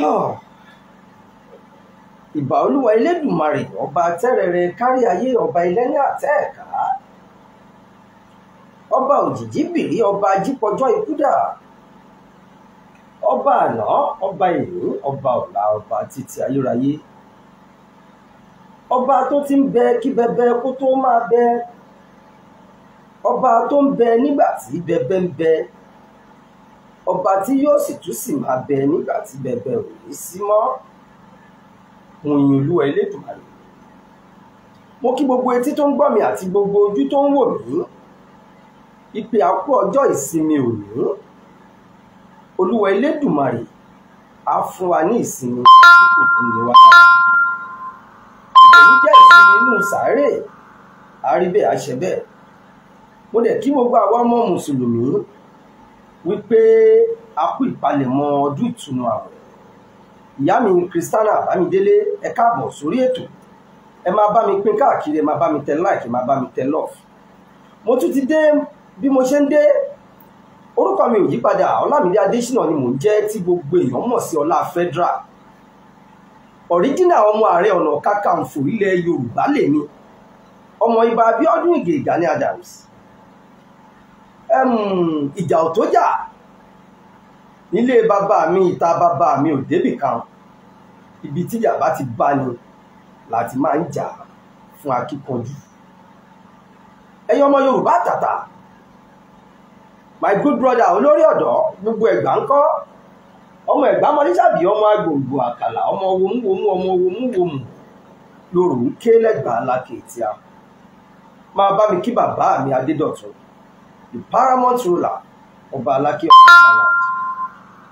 ìbà olúwa elédùnmarè ọba tẹ́rẹrẹ kárí ayé ọba ẹlẹ́ni àtẹ́ẹ̀ká ọba òjìjíbìrí ọba ajípọjọ́ ikúdà ọba àná ọba ìlú ọba ọ̀la ọba títí ayérayé ọba tó ti ń bẹ kí bẹbẹ kó tó máa bẹ ọba tó ń bẹ nígbà tí bẹbẹ ń bẹ. Be ọba tí yóò sì tún sì máa bẹ nígbà tí bẹ̀bẹ̀ ò ní sí mọ́ òyìn olúwa elédùnmarè mo kí gbogbo etí tó ń gbọ́ mi àti gbogbo ojú tó ń wò mí ìpè àkú ọjọ́ ìsinmi òní olúwa elédùnmarè á fún wa ní ìsinmi tí kò ní wá ìdèyí jẹ́ ìsinmi inú sàárè àríbẹ̀ àṣẹ bẹ́ẹ̀ mo dẹ̀ kí gbogbo àwa ọmọ mùsùlùmí wípé a kú ìpalẹ̀mọ́ ọdún ìtùnú àwẹ̀ ìyá mi Christiana Bámidélé ẹ káàbọ̀ sórí ètò ẹ máa bá mi pín káàkiri ẹ máa bá mi tẹ like ẹ máa bá mi tẹ love mo tún ti dé bí mo ṣe ń dé orúkọ mi ò yípadà Ọlámídé Adésínà ni mò ń jẹ́ tí gbogbo èèyàn mọ̀ sí Ọlá Federal ọ̀ríjínà ọmọ ààrẹ ọ̀nà kakanfò ilẹ̀ Yorùbá lèmi ọmọ ibà Abíọ́dún Ìgè Gani Adams ìjà ò tó jà nílé bàbá mi ìta bàbá mi ò débì kan ibi tíjà bá ti bá ni láti máa ń jà fún akíkanjú ẹ̀yin ọmọ Yorùbá tàtà my good brother olórí ọ̀dọ́ gbogbo ẹ̀gbá ń kọ́ ọmọ ẹ̀gbá mọ́nísàbí ọmọ agbòǹgbò àkàlà ọmọ wòmúwòmú ọmọ wòmúwòmú lóru ń ké lẹ́gbàá lákè tí a máa bá mi kí bàbá mi Adédọ̀tun the paramount ruler ọba alákẹ́ ọ̀gbọ́n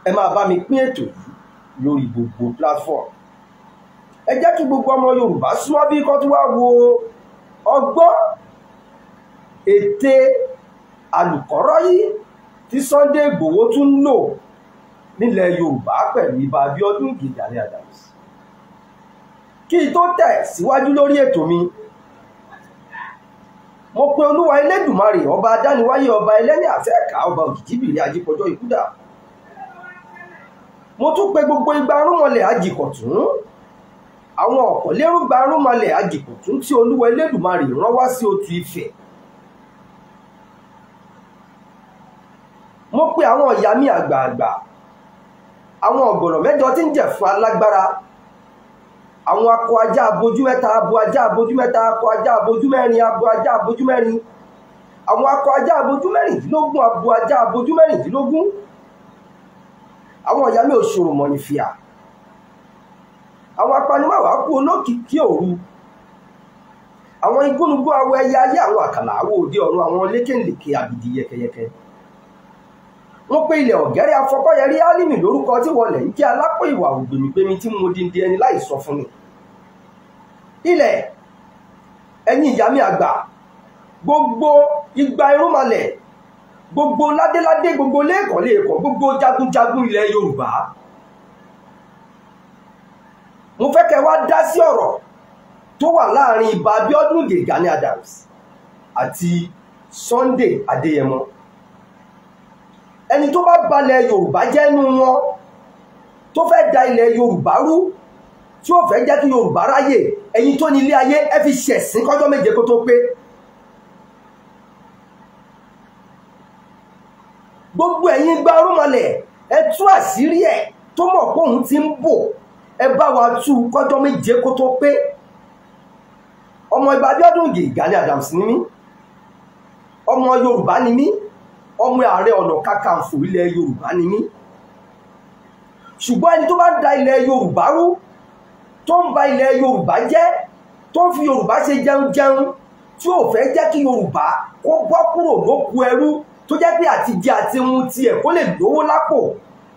ẹ máa bá mi pín ètò yìí lórí gbogbo platform ẹ jẹ́ kí gbogbo ọmọ yorùbá súnmọ́ bí kó tó wá wo ọgbọ́n ète àlùkọ́rọ́ yìí tí Sunday Igboho tún ń lò nílẹ̀ yorùbá pẹ̀lú ibà Abíọ́dún Ìgè Gani Adams kí n tó tẹ̀ síwájú lórí ètò mi mo pe olúwa elédùmarè ọba adániwáyé ọba ẹlẹ́ni àtẹ́ẹ̀ká ọba òjìjíbìrì ajípọjọ́ ikuda. mo tún pe gbogbo igba arúnmọlẹ̀ àjìkọ̀tún àwọn ọ̀pọ̀lérúgba arúnmọlẹ̀ àjìkọ̀tún tí olúwa elédùmarè rán wá sí otu ifẹ̀ mo pe àwọn ìyá agba àgbààgbà àwọn ọ̀gọ̀rọ̀ mẹ́jọ tí ń jẹ̀ fún alágbára àwọn akọ ajá abojú mẹ́ta abo ajá abojú akọ ajá abojú mẹ́rin abo ajá abojú àwọn akọ ajá abojú mẹ́rìndínlógún abo ajá abojú mẹ́rìndínlógún àwọn ọ̀yá mi ò ṣòro mọ̀ ní fìyà àwọn apanimáwá kú olókìkí òru àwọn igúnnugún awọ ẹyẹ ayé àwọn àkàlà àwọ òde ọ̀run àwọn lékèǹdèkè àbìdì yẹkẹyẹkẹ wọ́n pe ilẹ̀ ọ̀gẹ́rẹ́ afọkọ́yẹrí álímì lórúkọ tí wọlẹ̀ ń jẹ́ alápò ìwà ògbèmígbèmí tí mo dìndín ẹni láì sọ fún mi. ilẹ̀ ẹ̀yin ìyá mi àgbà gbogbo igba irúnmalẹ̀ gbogbo ládéládé gbogbo lẹ́ẹ̀kọ̀lẹ́ẹ̀kọ̀ gbogbo jagunjagun ilẹ̀ Yorùbá mo fẹ́ kẹ́ wá dá sí ọ̀rọ̀ tó wà láàrin Ìbà Abíọ́dún Ìgè Gani Adams àti Sunday Adéyẹmọ ẹni tó bá balẹ̀ Yorùbá jẹ́ nú wọn tó fẹ́ da ilẹ̀ Yorùbá rú tí ó fẹ́ jẹ́ kí yorùbá ráyè ẹ̀yin tó ní ilé ayé ẹ fi ṣẹ̀sìn kọ́jọ́ méje kó tó pé gbogbo ẹ̀yin gba rúmọlẹ̀ ẹ tú àṣírí ẹ̀ tó mọ̀ pé òun ti ń bò ẹ bá wa tú kọ́jọ́ méje kó tó pé ọmọ Ìbà Abíọ́dún Ògè Gani Adams ni mí ọmọ yorùbá ni mí ọmọ ààrẹ ọ̀nà kakanfò ilẹ̀ yorùbá ni mí ṣùgbọ́n ẹni tó bá da ilẹ̀ yorùbá rú tó ń ba ilẹ̀ yorùbá jẹ́ tó ń fi yorùbá ṣe jẹunjẹun tí ò fẹ́ jẹ́ kí yorùbá kó bọ́ kúrò lóko ẹrú tó jẹ́ pé àtijẹ àti ohun tiẹ̀ kó lè lówó lápò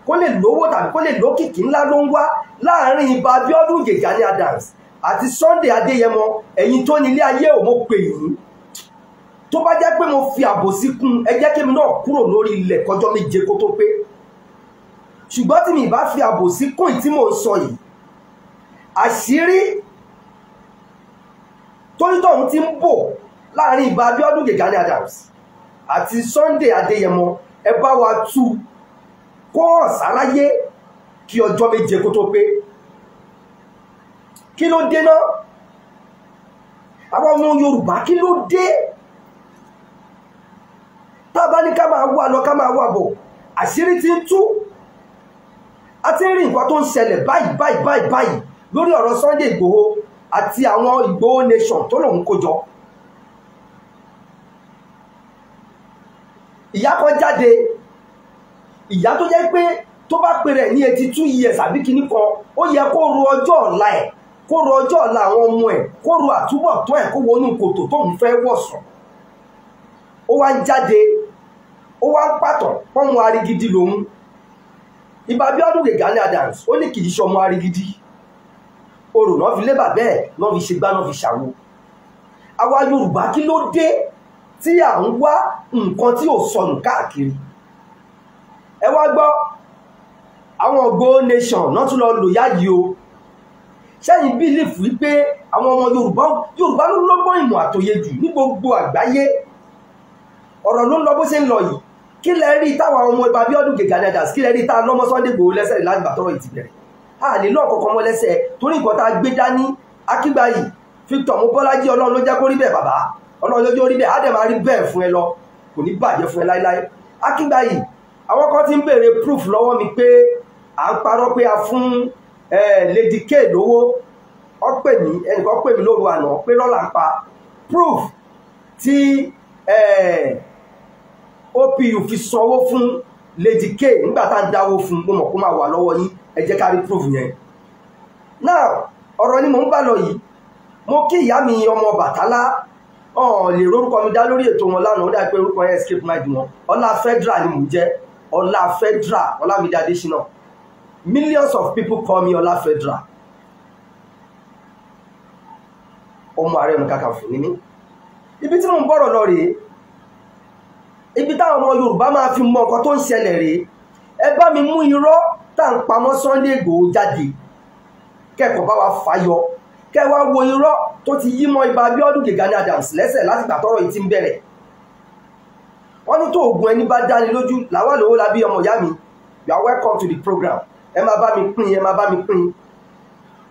kó lè lówó tàbí kó lè lókìkí ńlá ló ń wá láàrin ibà Abíọ́dún Gani Adams àti Sunday Adéyẹmọ ẹ̀yin tó ní ilé ayé ò mo pè yín tó bá jẹ́ pé mo fi àbòsí kún ẹ jẹ́ kí mi náà kúrò lórí ilẹ̀ kọjọ́ méje kó tó pé ṣùgbọ́n tí mi bá fi àbòsí kún ì mò ń sọ yìí àṣírí tóyítọ̀hún ti ń bò láàrin ìbá Abíọ́dún Gani Adams àti Sunday Adéyẹmọ ẹ bá wa tú kó hàn sáláyé kí ọjọ́ méje kó tó pé kí ló dé náà àwọn ọmọ Yorùbá kí ló dé tábà ní ká máa wà lọ ká máa wà bọ̀ àṣírí ti ń tú a ti ń rí nǹkan tó ń ṣẹlẹ̀ báyìí báyìí báyìí báyìí lórí ọ̀rọ̀ Sunday Igboho àti àwọn Igboho nation tó lòun kó jọ ìyá kan jáde ìyá tó jẹ́ pé tó bá pè rẹ̀ ní eighty two years àbí kìíní kan ó yẹ kó ro ọjọ́ ọ̀la ẹ̀ kó ro ọjọ́ ọ̀la àwọn ọmọ ẹ̀ kó ro àtúbọ̀tán ẹ̀ kó wọnú kòtò tóun fẹ́ wọ̀sùn ó wá ń jáde ó wá ń pàtọ̀ pọ́nmu arigidi lòun Ìbà Abíọ́dún Gani Adams ó ní kì í ṣọmọ arigidi orò náà fi lé bàbá ẹ̀ náà fi ṣe gbá náà fi ṣàwo àwa yorùbá kí ló dé tí à ń wá nǹkan tí ò sọnù káàkiri ẹ wá gbọ́ àwọn ògbó nation náà tún lọ lò yáyí o sẹ́yìn bílífù wípé àwọn ọmọ yorùbá yorùbá ló lọ́gbọ́n ìmọ̀ àtòyè jù ní gbogbo àgbáyé ọ̀rọ̀ ló ń lọ bó ṣe ń lọ yìí kí lẹ rí táwọn ọmọ ìbàbí ọdún gègà dàdà kí lẹ rí tá a lọ́mọ Sunday Igboho lẹ́sẹ̀ lágbàtọ́rọ̀ ìtìbẹ̀rẹ̀ àlè náà kọ̀ọ̀kan mọ́ lẹ́sẹ̀ torí nǹkan tá a gbé dání akígbayì Victor Mobọ́lájí ọlọ́run ló jẹ́ kó rí bẹ́ẹ̀ bàbá ọlọ́run ló jẹ́ rí bẹ́ẹ̀ á dẹ̀ máa rí bẹ́ẹ̀ fún ẹ lọ kò ní bàjẹ́ fún ẹ láéláé akígbayì àwọn kan ti ń béèrè proof lọ́wọ́ mi pé à ń parọ́ pé a fún Lady K lówó ọ pè mí ẹnìkan pè mí lóru àná pé lọ́la ń pa proof tí OPU fi sanwó fún lady k nígbà tá à ń dáwó fún un mo mọ̀ kó máa wà lọ́wọ́ yín ẹ jẹ́ ká rí proof yẹn now ọ̀rọ̀ ni mò ń bá lọ yìí mo kí ìyá mi ọmọ bàtálá lè rórúkọ mi dá lórí ètò wọn lánàá ó dà pé orúkọ yẹn escape mind wọn ọlá federal ni mò ń jẹ́ ọlá ọlámídé adésínà millions of people call me ọlá ọmọ ààrẹ ibi táwọn ọmọ Yorùbá máa fi mọ nǹkan tó ń ṣẹlẹ̀ rèé ẹ bá mi mú irọ́ tá ń pamọ́ Sunday Igboho jáde kẹ́kọ̀ọ́ bá wa fàyọ kẹ́ wá wo irọ́ tó ti yí mọ́ ibà Abiodun Gani Adams lẹ́sẹ̀ láti gbà tọ́rọ̀ yìí ti ń bẹ̀rẹ̀ wọ́n ní tó oògùn ẹni bá dáni lójú làwa lówó la bí ọmọ ìyá mi you are welcome to the program ẹ máa bá mi pín ẹ máa bá mi pín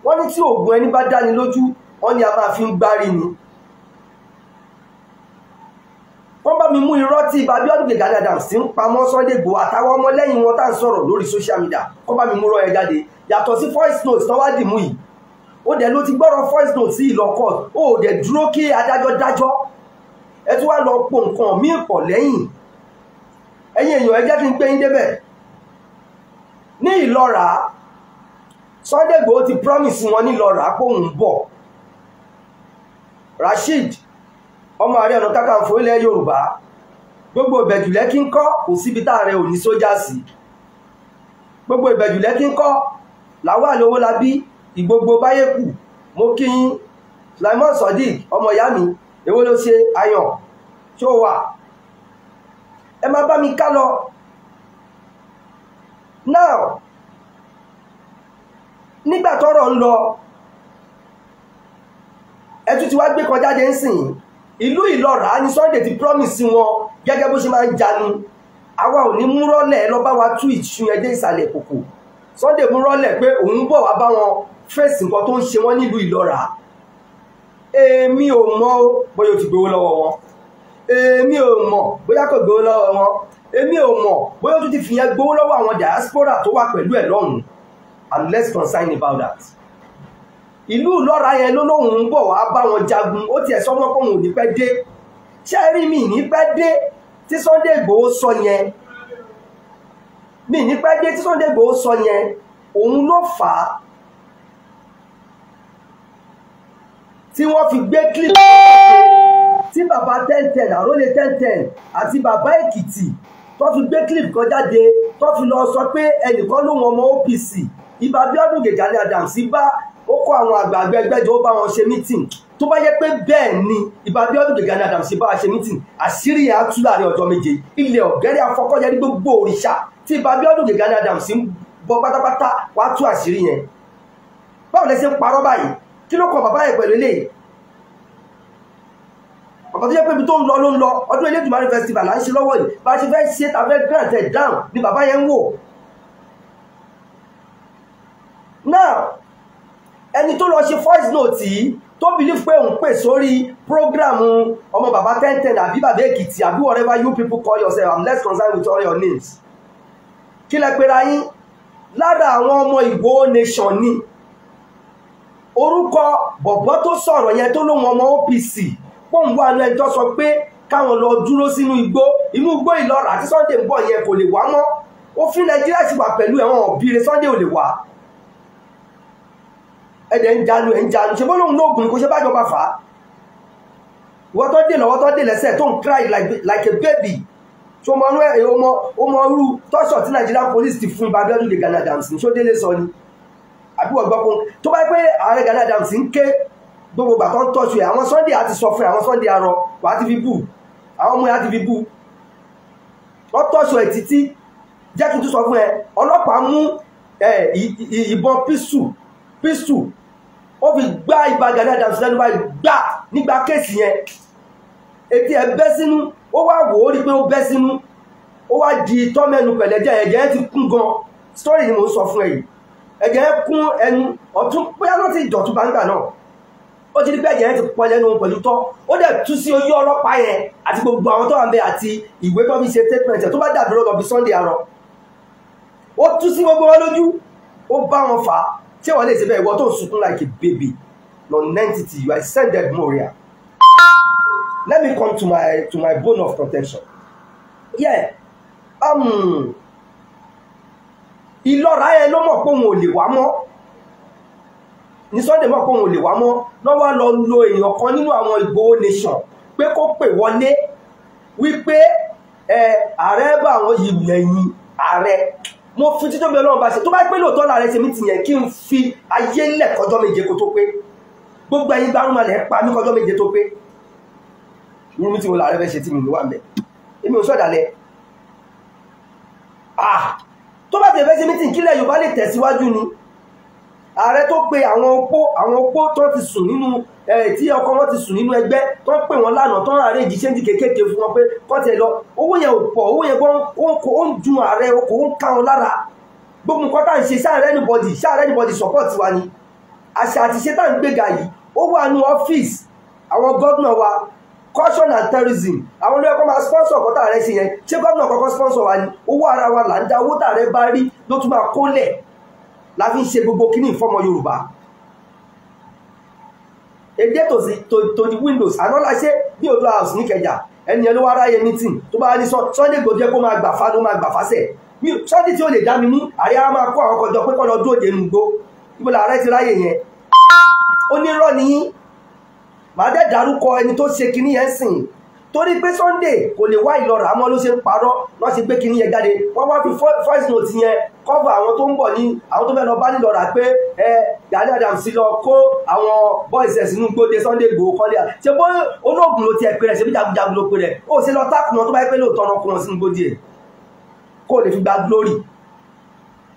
wọ́n ní tí oògùn ẹni bá dáni lójú wọ́n ní a máa fi ń gbárí ni mi mú irọ́ tí ibà Abíọ́dún Gani Adams ń pamọ́ Sunday Igboho àtàwọn ọmọlẹ́yìn wọn tá à ń sọ̀rọ̀ lórí social media kó bá mi mú rọ́ ẹ jáde yàtọ̀ sí voice note tán wá dì mú yìí ó dẹ̀ ló ti gbọ́rọ̀ voice note sí ìlọ́kọ̀ ó dẹ̀ dúró kí adájọ́ dájọ́ ẹ tún wá lọ po nǹkan míì pọ̀ lẹ́yìn ẹ̀yin èèyàn ẹ jẹ́ kí n gbé yín débẹ̀ ní ìlọ́ra Sunday Igboho ti promise wọn ní ìlọ́ra kóun bọ̀ Rasheed ọmọ ààrẹ ọ̀nà kákàǹfò ilẹ̀ yorùbá gbogbo ìbẹ̀jùlẹ̀ kí ń kọ́ kò síbi tá ààrẹ ò ní sójà sí gbogbo ìbẹ̀jùlẹ̀ kí ń kọ́ làwọn àlówó la bí ìgbogbo báyé kù mo kí yín Sulaimon Sodiq ọmọ ìyá mi èwo ló ṣe ayọ̀ tó wà ẹ má bá mi ká lọ now nígbà tọ́rọ̀ ń lọ ẹ tún ti wá gbé kọjá dé ń sìn yìí ìlú ìlọ́ra ni Sunday ti promise wọn gẹ́gẹ́ bó ṣe máa ń janu àwa ò ní múrọ́lẹ̀ lọ bá wa tú ìṣú yẹn dé ìsàlẹ̀ kòkò Sunday múrọ́lẹ̀ pé òun bọ̀ wá bá wọn fèsì nǹkan tó ń ṣe wọ́n nílùú ìlọ́ra èmi ò mọ̀ o bóyá o ti gbowó lọ́wọ́ wọn èmi ò mọ̀ bóyá kò gbowó lọ́wọ́ wọn èmi ò mọ̀ bóyá o tún ti fìyẹn gbowó lọ́wọ́ àwọn diaspora tó wà pẹ̀lú ẹ̀ lọ́hùn-ún I'm less concerned about that ìlú ìlọ́ra yẹn ló lóun ń bọ̀ wá bá wọn jagun ó tiẹ̀ sọ́mọ́ pé òun ò ní pẹ́ dé ṣé ẹ rí mi ní pẹ́ dé tí Sunday Igboho sọ yẹn mi ní pẹ́ dé tí Sunday Igboho sọ yẹn òun ló fà á tí wọ́n fi gbé clip tí bàbá ten ten àrólé ten ten àti bàbá Èkìtì tó fi gbé clip kan jáde tó fi lọ sọ pé ẹnìkan ló wọn ọmọ OPC Ìbà Abíọ́dún Gẹ̀gàrí Adams bá ó kó àwọn àgbààgbà ẹgbẹ́ jọ ó bá wọn ṣe mítìn tó bá yẹ pé bẹ́ẹ̀ ni ìbá Abíọ́dún Gani Adams ṣe bá wa ṣe mítìn àṣírí àtú láàrin ọjọ́ méje ilẹ̀ ọ̀gẹ́rẹ́ afọkọ́jẹ́ ní gbogbo òrìṣà tí ìbá Abíọ́dún Gani Adams ń bọ pátápátá wàá tú àṣírí yẹn báwo lẹ ṣe ń parọ́ báyìí kí ló kọ bàbá ẹ̀ pẹ̀lú eléyìí ọ̀pọ̀ tó yẹ pé ibi tó ń lọ ló ń lọ ọdún Elédùmarè festival là ń ṣe lọ́wọ́ yìí bá a ṣe fẹ́ ṣe tàbí grant ẹ̀ down ni bàbá yẹn ń wò now ẹni tó lọ ṣe voice note yìí tó believe pé òun pè sórí prógrámù ọmọ bàbá ten ten àbí bàbá èkìtì àbí whatever you people call yourself i'm less concerned with all your names kí lẹ pera yín lára àwọn ọmọ ìgbò nation ni orúkọ bọ̀bọ́ tó sọ̀rọ̀ yẹn tó lóun ọmọ OPC pòun wà lẹ́ni tó sọ pé káwọn lọ dúró sínú igbó inú igbó ìlọra àti Sunday ń bọ̀ yẹn kò lè wá mọ́ òfin Nàìjíríà ti wà pẹ̀lú ẹ̀wọ̀n òbí rẹ̀ Sunday ò lè wá ẹ̀dẹ̀ ń jalu ẹ̀ ń jalu ṣe bọ́lọ́hún lóògùn kò ṣe bá jọba fà á ìwọ́ tó dè lọ́wọ́ tó dè lẹ́sẹ̀ tó ń cry like a baby tí ó mọ inú ẹ̀ ọmọ ọmọ rú tọ́ṣọ̀ tí Nigerian police ti fún Babelú de Gani Adams ní sódélé sọ ni àbí wọ́n gbọ́ pé tó bá pé ààrẹ Gani Adams ń ké gbogbo gbà tó ń tọ́jú ẹ̀ àwọn Sunday àti sọ fún ẹ̀ àwọn Sunday arọ wà á ti fi bù àwọn ọmọ yẹn á ti fi bù wọ́n tọ́ṣọ̀ ẹ̀ títí jẹ́ kí n tún sọ fún ẹ ọlọ́pàá mú ìbọn písù písù ó fi gbá ìbàgàdà àdàtú sẹ́nu báyìí gbà nígbà kéèsì yẹn etí ẹ bẹ́ sínú ó wá wò ó rí pé ó bẹ́ sínú ó wá di tọ́mẹ́nu pẹ̀lẹ́jẹ́ ẹ̀jẹ̀ ẹ ti kún gan story ni mo ń sọ fún ẹ yìí ẹ̀jẹ̀ ẹ kún ẹnu ọ̀tún bóyá ló ti dọ̀tún bá ń gbà náà ó ti rí pé ẹ̀jẹ̀ yẹn ti pọ̀ lẹ́nu pẹ̀lú tọ́ ó dẹ̀ tú sí oyé ọlọ́pàá yẹn àti gbogbo àwọn tó wà ń bẹ àti ìwé tó fi ṣe statement tó bá dàbí lọ́dọ̀ bí Sunday arọ ó tú sí gbogbo wọn lójú ó bá wọn fà á ṣé wọ́n lè ṣe bẹ́ẹ̀ ìwọ tó sunkún like a baby non-entity you are sended moria let me come to my to my bone of protection yeah um, ìlọ́ra ẹ ló mọ̀ pé òun ò lè wá mọ́ ní Sunday mọ̀ pé òun ò lè wá mọ́ lọ́wọ́ lọ lo èèyàn kan nínú àwọn Ìgbòho nation pé kó pè wọlé wípé ẹ ààrẹ bá àwọn ìlú ẹ̀yìn ààrẹ mo fi títọ́ bí ọlọ́run bá ṣe tó bá pé lóòótọ́ láàrẹ ṣe mí ti yẹn kí n fi ayé lẹ̀ kọjọ́ méje kó tó pé gbogbo ẹyin gbárùn malẹ̀ pa mí kọjọ́ méje tó pé irú mi ti wo láàrẹ fẹ́ ṣe tí mi wà mẹ́ èmi ò sọ̀dàlẹ̀ ah tó bá ti fẹ́ ṣe mí ti kílẹ̀ Yorùbá lè tẹ̀síwájú ni ààrẹ tó pe àwọn opó àwọn opó tó ti sùn nínú tí ọkọ wọn ti sùn nínú ẹgbẹ́ tó ń pè wọn lánàá tó ń ààrẹ èjì ṣéǹjì kékèké fún wọn pé kọ́ tiẹ̀ lọ owó yẹn ò pọ̀ owó yẹn gan ó ń dun ààrẹ okò ó ń ká wọn lára gbogbo nǹkan tá à ń ṣe sáà anybody sáà anybody support wa ni àṣà àtiṣe tá à ń gbéga yìí ó wà nù ọ́fíìsì àwọn gómìnà wa caution and terrorism àwọn olóyè kan máa sponsor ọkọ tààrẹ ṣe yẹn ṣé gómìnà kọ́kọ́ sponsor wa ni owó ara wa là ń da owó tààrẹ bá rí ló tún máa kólẹ̀ la fi ń ṣe gbogbo kíní ìfọ́mọ yorùbá èdè to the windows anọ́lá ṣe bí odò house níkẹjà ẹni ẹni wá ráyè meeting tó bá ní sunday gbòjẹ́ kó máa gbàfà ló máa gbàfàṣẹ̀ sunday tí ó lè dá mi mú àyà á máa kó àwọn ọkọ̀ jọ pé kọ́ lọ dúró dé nùgbó ibo làárẹ̀ ti ráyè yẹn ó ní rọ́ nìyí màá dẹ́ dárúkọ ẹni tó ṣe kíní yẹn sìn torí pé sunday kò lè wá ìlọra àmọ́ ló ṣe ń parọ́ lọ́ sí gbé kíní yẹn jáde wọ́n wá fi voice note yẹn kọ́fà àwọn tó ń bọ̀ ní àwọn tó fẹ́ lọ bá nílò rà pé ẹ Gani Adams lọ kó àwọn boys ẹ̀ sínú gbóde Sunday Igboho kọ́lé à ṣe bó olóògùn ló ti ẹ̀ pé rẹ̀ ṣe bí jagunjagun ló pé rẹ̀ ó ṣe lọ tákùn wọn tó bá yẹ pé lóòótọ́ ọ̀nà kó wọn sínú gbóde ẹ̀ kó lè fi gba glory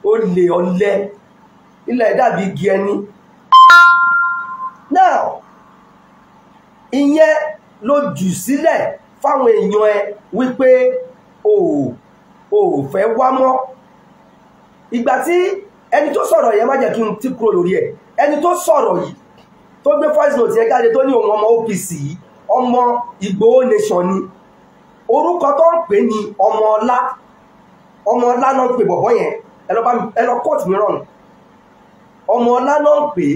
ó lè ọlẹ́ ilẹ̀ dàbí igi ẹni now ìyẹn ló jù sílẹ̀ fáwọn èèyàn ẹ wípé o ò fẹ́ wá mọ́ ìgbà tí ẹni tó sọ̀rọ̀ yẹn má jẹ́ kí n ti kúrò lórí ẹ̀ ẹni tó sọ̀rọ̀ yìí tó gbé voice note yẹn jáde tó ní òun ọmọ OPC yìí ọmọ Ìgbòho nation ni orúkọ tó ń pè ní ọmọ ọlá ọmọ ọlá náà ń pè bọ̀bọ̀ yẹn ẹ lọ court mìíràn ọmọ ọlá náà ń pè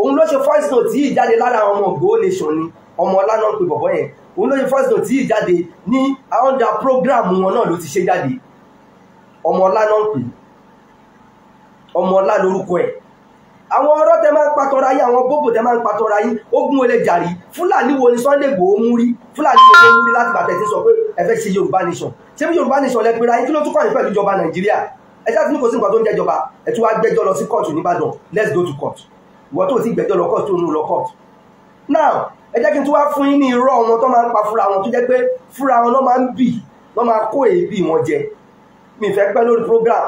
òun ló ṣe voice note yìí jáde lára ọmọ Ìgbòho nation ni ọmọ ọlá náà ń pè bọ̀bọ̀ yẹn òun ló ṣe voice note yìí jáde ní àwọn ọjà program wọn náà ló ti ṣe jáde ọmọ ọlá náà ń pè é ọmọ ọlá lórúkọ ẹ̀ àwọn ọ̀rọ̀ tẹ máa ń patọ́ra yín àwọn bóbò tẹ máa ń patọ́ra yín ogun olè jàrí fúlàní wo ni Sunday Igboho mú rí fúlàní wo ló mú rí láti bàtẹ́ ti sọ pé ẹ fẹ́ ṣe Yorùbá nation ṣé bí Yorùbá nation lẹ pera yín kí ló tún kọ́ àyè pẹ̀lú ìjọba Nàìjíríà ẹ ṣáà tí kò sí nǹkan tó ń jẹjọba ẹ tún wá gbẹ́jọ́ lọ sí kóòtù nìbàdàn let's go to court ìwọ tó ti gbẹ́jọ́ lọ kóòtù tó ń lọ kóòtù now ẹ jẹ́ kí n tún wá fún yín ní irọ́ wọn tó máa ń pa fúra wọn tó jẹ́ pé fúra wọn lọ́ máa ń bì lọ́ máa kó èébì wọn jẹ mi fẹ́ pẹ́ lórí program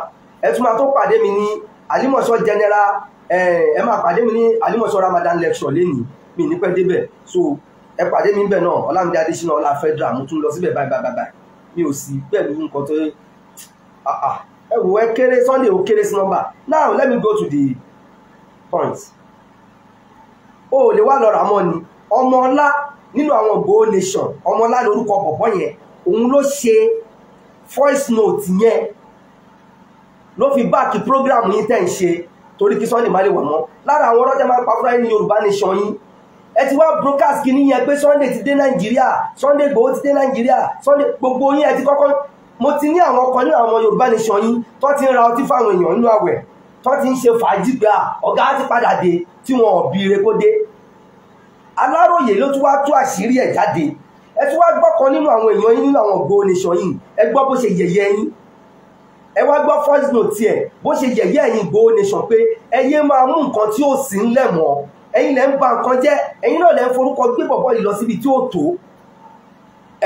ẹ tún máa tó pàdé mi ní alimọ̀sọ general eh, ẹ máa pàdé mi ní alimọ̀sọ ramadan lecture lẹ́nìí mi ní pẹ́ débẹ̀ so ẹ pàdé mi bẹ̀ náà ọlámídé adésínà ọlá federal mo tún lọ síbẹ̀ báyìí báyìí báyìí mi ò sí pẹ̀lú nǹkan tó ah, ah. ẹ wò ẹ kéré sunday ò kéré sí nọ́mbà now let me go to the point o ò lè wá lọ ràmọ́ ni ọmọ ọlá nínú àwọn Igboho nation ọmọ ọlá lórúkọ bọ̀bọ̀ yẹn òun ló ṣe voice note yẹn ló fi báàkì program yìí tẹ̀ ń ṣe torí kí Sunday má lè wà mọ́ lára àwọn ọlọ́jà máa pa fúráì Yorùbá nation yín ẹ ti wá broadcast kí níyẹn pé Sunday ti dé Nàìjíríà Sunday Igboho ti dé Nàìjíríà Sunday gbogbo yín ẹ ti kọ́kọ́ mo ti ní àwọn ọkọ̀ nínú àwọn Yorùbá nation yín tó ti ń ra ọtí fáwọn èèyàn nínú àwẹ̀ tó ti ń ṣe fàájì pé ọ̀gá ti padà dé tí wọn ò bí ire kó dé Aláròyé ló tún wá tú àṣírí ẹ̀ jáde ẹ tún wá gbọ́kan nínú àwọn èèyàn yín nínú àwọn ògbó nation yìí ẹ gbọ́ bó ṣe yẹ̀yẹ́ yín ẹ wá gbọ́ first note tiẹ̀ bó ṣe yẹ̀yẹ́ ẹ̀yin Ìgbòho nation pé ẹyẹ máa mú nǹkan tí ó sì ń lẹ̀ mọ́ ẹ̀yin lẹ́ ń ba nǹkan jẹ́ ẹ̀yin náà lẹ́ ń forúkọ gbé bọ̀bọ̀ yìí lọ síbi tí ó tó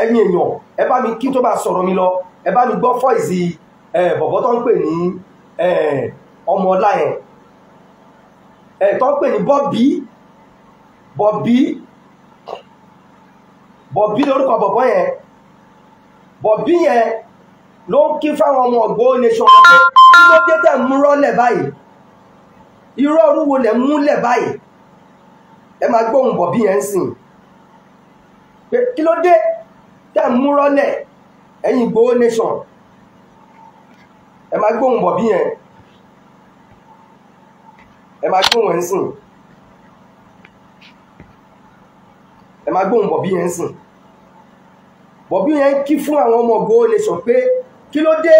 ẹ̀yin èèyàn ẹ bá mi kí n tó bá sọ̀rọ̀ mi lọ ẹ bá mi gbọ́ fọ́ìsì bọ̀bọ̀ tó ń pè ní ọmọ ọlá yẹn tó ń pè ní bọ́bí bọ́bí bọ́bí lórúkọ bọ̀bọ̀ yẹn bọ́bí yẹn ló ń kí fáwọn ọmọ ọ̀gbọ́ nation wọn pé kí ló dé tẹ̀ mú rọ́lẹ̀ báyìí irọ́ orúwo lẹ̀ múlẹ̀ báyìí ẹ máa gbóhùn bọ̀ bí yẹn ń sìn pé kí ló dé tẹ̀ mú rọ́lẹ̀ ẹ̀yin Ìgbòho nation ẹ máa gbóhùn bọ̀ bí yẹn ẹ máa gbóhùn ẹ̀ ń sìn ẹ máa gbóhùn bọ̀ bí yẹn sìn bọ̀ bí yẹn kí fún àwọn ọmọ Ìgbòho nation pé kí ló dé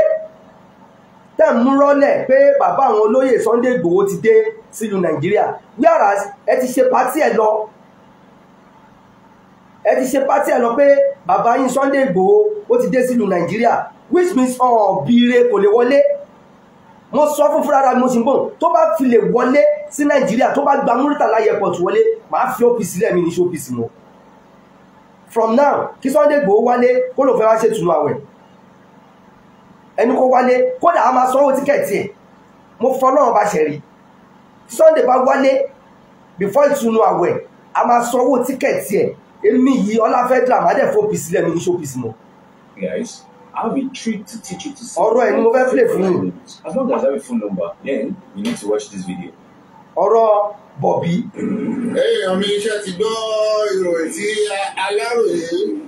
tẹ̀ ń múrọ́lẹ̀ pé bàbá àwọn olóyè Sunday Igboho ti dé sílùú Nàìjíríà whereas ẹ ti ṣe pátí ẹ lọ ẹ ti ṣe pátí ẹ lọ pé bàbá yín Sunday Igboho ó ti dé sílùú Nàìjíríà which means ọ̀bìrè kò lè wọlé mo sọ fún fúnra mi mo sì ń bọ̀ tó bá fi lè wọlé sí Nàìjíríà tó bá gba Muritala airport wọlé màá fi OPC lẹ́mí ní ṣe OPC mọ́ from now kí Sunday Igboho wálé kó ló fẹ́ wá ṣètùnú àwẹ̀ ẹni kó wálé kódà a máa sanwó tíkẹ̀tì ẹ̀ mo fọlọ́run bá ṣẹ̀ Sunday bá wálé before ìtùnú àwẹ̀ a máa sanwó tíkẹ̀tì ẹ̀ èmi yìí ọláfẹ́dà má dẹ̀ fọ́ lẹ́nu ní ṣọ́pìsì mọ́. Guys, I have a to teach you to sing. ọ̀rọ̀ ẹ̀ mo fẹ́ play fún yín. As long as I have a phone number, then you need to watch this video. ọ̀rọ̀ bọ̀bí. èèyàn mi iṣẹ́ ti gbọ́ ìròyìn tí aláròyé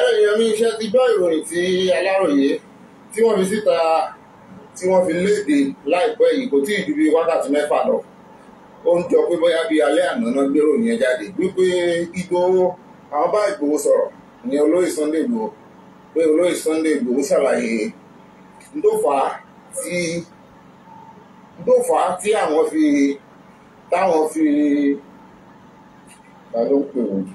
èèyàn mi iṣẹ́ ti gbọ́ ìròyìn tí aláròye tí wọ́n fi síta tí wọ́n fi léde láìpẹ́ yìí kò tí ì ju bí wákàtí mẹ́fà lọ ó ń jọ pé bóyá bíi alẹ́ àná náà gbèrò yẹn jáde wípé Ìgbòho àwọn bá Ìgbòho sọ̀rọ̀ ní olóyè Sunday Ìgbòho pé olóyè Sunday Ìgbòho ṣàlàyé ndófà tí ndófà tí àwọn fi táwọn fi ta ló ń pè wọ́n jù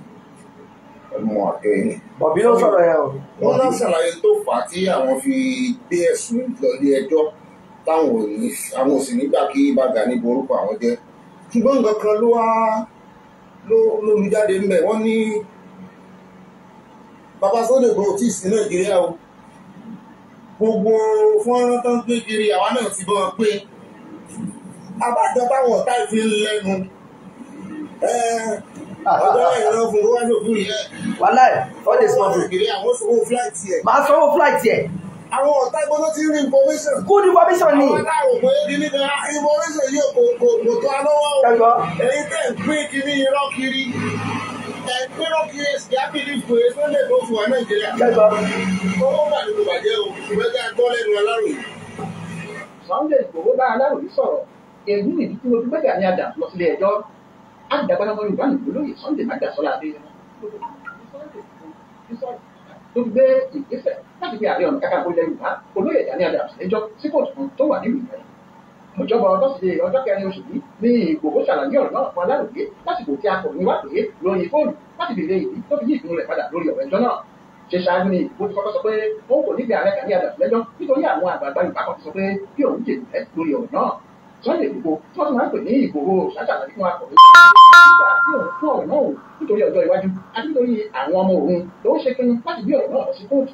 mọ̀ ẹ́. bọ̀bí ló sọ̀rọ̀ yẹn o. wọ́n lọ ṣàlàyé tó fà á tí àwọn fi gbé ẹ̀sùn lọ́lé ẹjọ́ táwọn ò sì nígbà kí bàgà ní borúkọ àwọn jẹ́ ṣùgbọ́n nǹkan kan ló wá ló lu jáde ńbẹ̀ wọ́n ní bàbá Sunday Igboho tí ì sí Nàìjíríà o gbogbo fọ́nrán tó ń gbé kiri àwa náà ti bọ́ pé abájọ táwọn ọ̀tá ìfi ń lẹ́nu wàhálà ẹ̀ four days one week. máa sanwó flight yẹ. àwọn ọ̀tá ìgbóná ti rí information. good information ni. àwọn aláwọ̀ pé kìíní kan information yóò kò kò kò tó a lọ́wọ́ o. ẹ̀yin tẹ̀ ń pín kìíní irọ́ kiri ẹgbẹ́rún kí ẹsì ábílíf pé sunday tó fún wa nàìjíríà. kẹ́kọ̀ọ́. owó wà nínú bàjẹ́ o ṣùgbọ́n ká gbọ́ lẹ́nu aláròyé. sunday ìgbòho bá aláròyé sọ̀rọ̀ àdàgbàdà ọmọ yorùbá nìkú lóye Sunday Mágbàsọ́lá Adéyẹmọ tó gbé ìgbésẹ̀ láti fi Ààrẹ Ọ̀nà Kakanfò ilẹ̀ Yorùbá olóyè Gani Adams ẹjọ́ sí kóòtù kan tó wà nílùú Ìbàdàn ìjọba ọlọ́sìdè ọjọ́ kẹrin oṣù yìí ní Ìgbòho ṣàlàyé ọ̀rọ̀ náà fún Aláròyé lásìkò tí akọ̀wé wà pé lóyìn fóònù láti béèrè ìdí tó fi yí ìpinnu rẹ̀ padà lórí ọ̀rọ̀ ẹjọ́ náà ṣe ṣáájú ni ìgbòho ti kọ́kọ́ sọ pé òun kò níbi Ààrẹ Gani Adams lẹ́jọ́ nítorí àwọn àgbààgbà Yorùbá kan ti sọ pé bí òun jèjì lórí ọ̀rọ̀ náà wọ́n lè gbogbo wọ́n tún máa ń pè ní ìgbòho ṣàṣàlà ní wọn àkọ̀wé nígbà tí òun fún ọ̀rọ̀ náà wò nítorí ọjọ́ iwájú àti nítorí àwọn ọmọ òun ló ń ṣe pinnu láti gbé ọ̀rọ̀ náà lọ sí kóòtù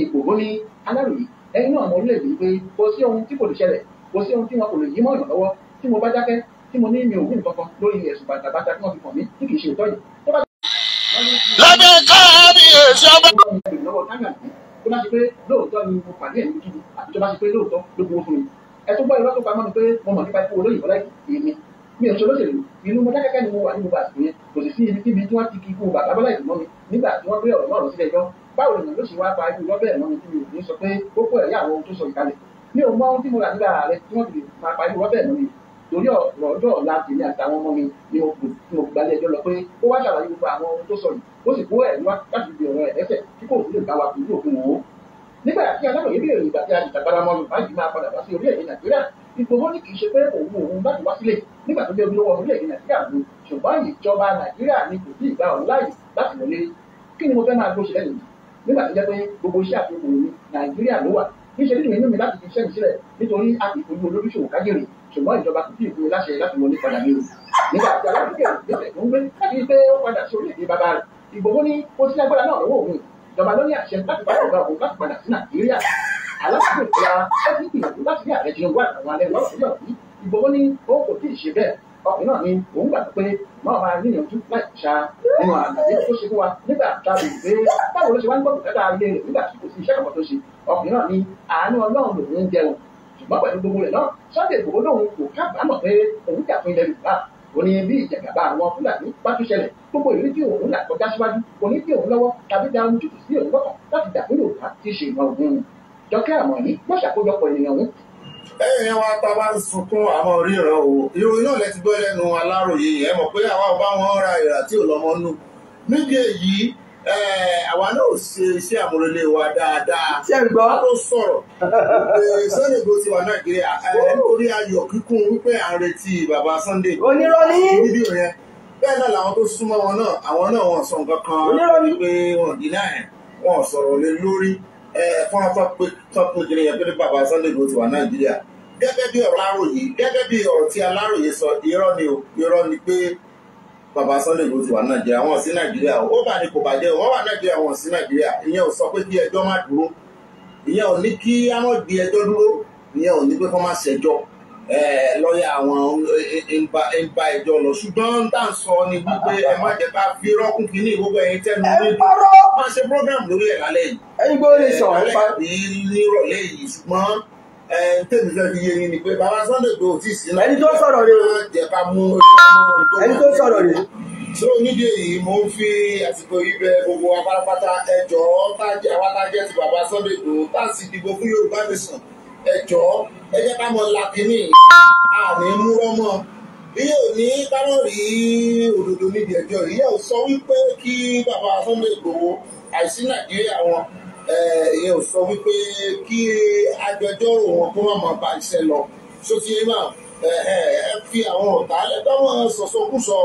ìgbòho ní aláròyé ẹ̀yin náà mọ orílẹ̀-èdè pé kò sí ohun tí kò lè ṣẹlẹ̀ kò sí ohun tí wọn kò lè yí mọ́ ọ̀nà lọ́wọ́ tí mo bá dákẹ́ tí mo ní mi ò wí nǹkan kan lórí ẹ̀sùn bàtàbàtà tí wọ́n fi kàn mí tí kì í ṣe òótọ́ yìí. lábẹ́ káàbíyèsí ọba. ìnáwó táyà ní tó bá ṣe pé lóòótọ́ ni mo pàdé ẹ̀ níbi àti tó bá ṣe pé lóòótọ́ ló gbowó fún mi ẹ tó gbọ́ ìwé tó pamọ́ ni pé mo mọ̀ nípa ikú olóyìnbó láì èmi mi ò ṣòro ṣèlú ìlú mọ́tàkẹ́kẹ́ ni mo wà nínú bàtì yẹn kò sì sí ibi kíbi tí wọ́n ti kí ikú bàbá bọ́lá ìdùnnú mi nígbà tí wọ́n gbé ọ̀rọ̀ náà lọ sílẹ̀ ẹjọ́ báwo ni ló ṣe wá pa irú lọ́bẹ̀ẹ́ mọ́ni tí mi ò ní sọ pé ó pọ̀ ẹ̀yà àwọn ohun tó sọ ìkàlẹ̀ mi ò mọ ohun tí mo rà nígbà rẹ tí wọ́n ti lè máa pa irú lọ́bẹ̀ẹ́ mọ́ni torí ọ̀rọ̀ ọjọ́ ọ̀la tèmi àtàwọn ọmọ mi ni mo kù tí mo gbalẹ̀ ẹjọ́ lọ pé ó wá ṣàlàyé gbogbo àwọn ohun tó sọ yìí ó sì kó ẹ̀rí wá láti fi ọ̀rọ̀ ẹ̀ lẹ́sẹ̀ tí kò fi lè bá wa kú ní òkun wò nígbà tí aláròye béèrè ìgbà tí ajìjàgbara ọmọ yorùbá yìí máa padà wá sí orílẹ̀-èdè nàìjíríà ipò wọn ní kì í ṣe pé òun òun láti wá sílé nígbà tó jẹ́ olówó orílẹ̀-èdè nàìjíríà ló ṣùgbọ́n ìjọba nàìjíríà ni kò sí ìgbà òun láyè láti wọlé kí ni mo fẹ́ máa gbó ṣe lẹ́yìn nígbà tó jẹ́ pé gbogbo iṣẹ́ àfihàn òun nàìjíríà ló wà níṣẹ́ nínú inú mi láti fi iṣẹ́ mi sílẹ̀ nítorí a kì í fojú olóríṣòwò kájèrè ṣùgbọ́n ìjọba kò tí ì fún mi láṣẹ láti wọlé padà ní o nígbà tí aláàbò kẹrù tó ń gbé láti rí pé ó padà sí orílẹ̀-èdè bàbá rẹ̀ Ìgbòho ní ó ti lágbára náà lọ́wọ́ òun ìjọba ló ní àṣẹ láti bá ìjọba òun láti padà sí nàìjíríà alákòóso ìjọba ẹbí gbìyànjú láti rí ààrẹ Tinubu àtàwọn alẹ́ lọ́wọ́ sílẹ̀ òní Ìgbòho ní ó kò tí ì ṣe bẹ́ẹ̀ ọkùnrin náà ni òun gbà pé máa máa níyànjú láì ṣá nínú àlàyé tó ṣe fún wa nígbà tá a lè gbé báwo ló ṣe wá ń gbọ́ bùkátà ilé rẹ̀ nígbà tí kò sí iṣẹ́ kan tó ṣe ọkùnrin náà ni àánú Ọlọ́run lòun ń jẹun ṣùgbọ́n pẹ̀lú gbogbo rẹ̀ náà Sunday Ìgbòho lòun kò kábàámọ̀ pé òun jà fún ilẹ̀ Yorùbá òní bí ìjàgàbá àwọn fúlàní bá tún ṣẹlẹ̀ gbogbo ìlú tí òun là kọjá síwájú òní tí òun lọ́wọ́ tàbí da ohun tútù sí òun lọ́kàn láti dàmúlò àti ṣe ìmọ̀ òun jọkẹ́ àmọ́ yìí wọ́n ṣàkójọpọ̀ ènìyàn òun. ẹ̀yin wa tá a bá ń sunkún àmọ́ ríran o ìròyìn náà lẹ ti gbọ́ lẹ́nu Aláròyé ẹ mọ̀ pé àwa ọba wọn ra ìrà tí ò lọ́mọ nù níbi èyí àwa náà ò ṣe iṣẹ́ àmúrelé wa dáadáa. ṣé ẹ gbọ́. wọ́n ló sọ̀rọ̀ Sunday Igboho ti wà Nàìjíríà nítorí ayọ̀ kíkún wípé à ń retí bàbá Sunday. onírọ́ní. fídíò yẹn bẹ́ẹ̀ náà làwọn tó súnmọ́ wọn náà àwọn náà wọ́n sọ nǹkan kan. onírọ́ní. pé wọ́n dínà ẹ̀ wọ́n sọ̀rọ̀ lé lórí fún atọ́pẹ́ tọ́pẹ́ kiri yẹn pé bàbá Sunday Igboho ti wà Nàìjíríà gẹ́gẹ́ bí ọ̀rọ̀ bàbá Sunday Igboho ti wà nàìjíríà wọn sí nàìjíríà ó bà ní kò bàjẹ́ wọn wà nàìjíríà wọn sí nàìjíríà ìyẹn ò sọ pé kí ẹjọ́ má dúró ìyẹn ò ní kí àwọn di ẹjọ́ dúró ìyẹn ò ní pé kó má ṣẹjọ́ lọ́ọ̀yà àwọn ń ẹjọ́ lọ ṣùgbọ́n tá à ń sọ ni wípé ẹ má jẹ́ ká fi rọ́kùn kínní gbogbo ẹ̀yin tẹ́nu lójú máa ṣe program lórí ẹ̀ lálẹ́ yìí. ẹ̀yin gbọ́dọ̀ sọ̀rọ̀ nípa tèmi fẹ́ fi yé yín ni pé bàbá Sunday Igboho tí ì sí náà. ẹni tó sọ̀rọ̀ rẹ̀ o jẹ́ ká mú ẹni tó sọ̀rọ̀ rẹ̀ so nídìí èyí mo ń fi àsìkò yìí bẹ̀ gbogbo apárápátá ẹ jọ̀ọ́ àwa tá a jẹ́ ti bàbá Sunday Igboho tá a sì dìbò fún Yorùbá Nation ẹ jọ̀ọ́ ẹ jẹ́ ká mọ làkínní àní múrọmọ iye ò ní káwọn rí òdodo nídìí ẹjọ́ ìyá ò sọ wípé kí bàbá Sunday àìsí Nàìjíríà wọn ìyẹn ò sọ wípé kí agbẹjọ́rò wọn kó má máa ba iṣẹ́ lọ ṣó ti yé máa ẹ fi àwọn ọ̀tá lẹ́gbẹ̀wọ̀n sọ̀sọkúsọ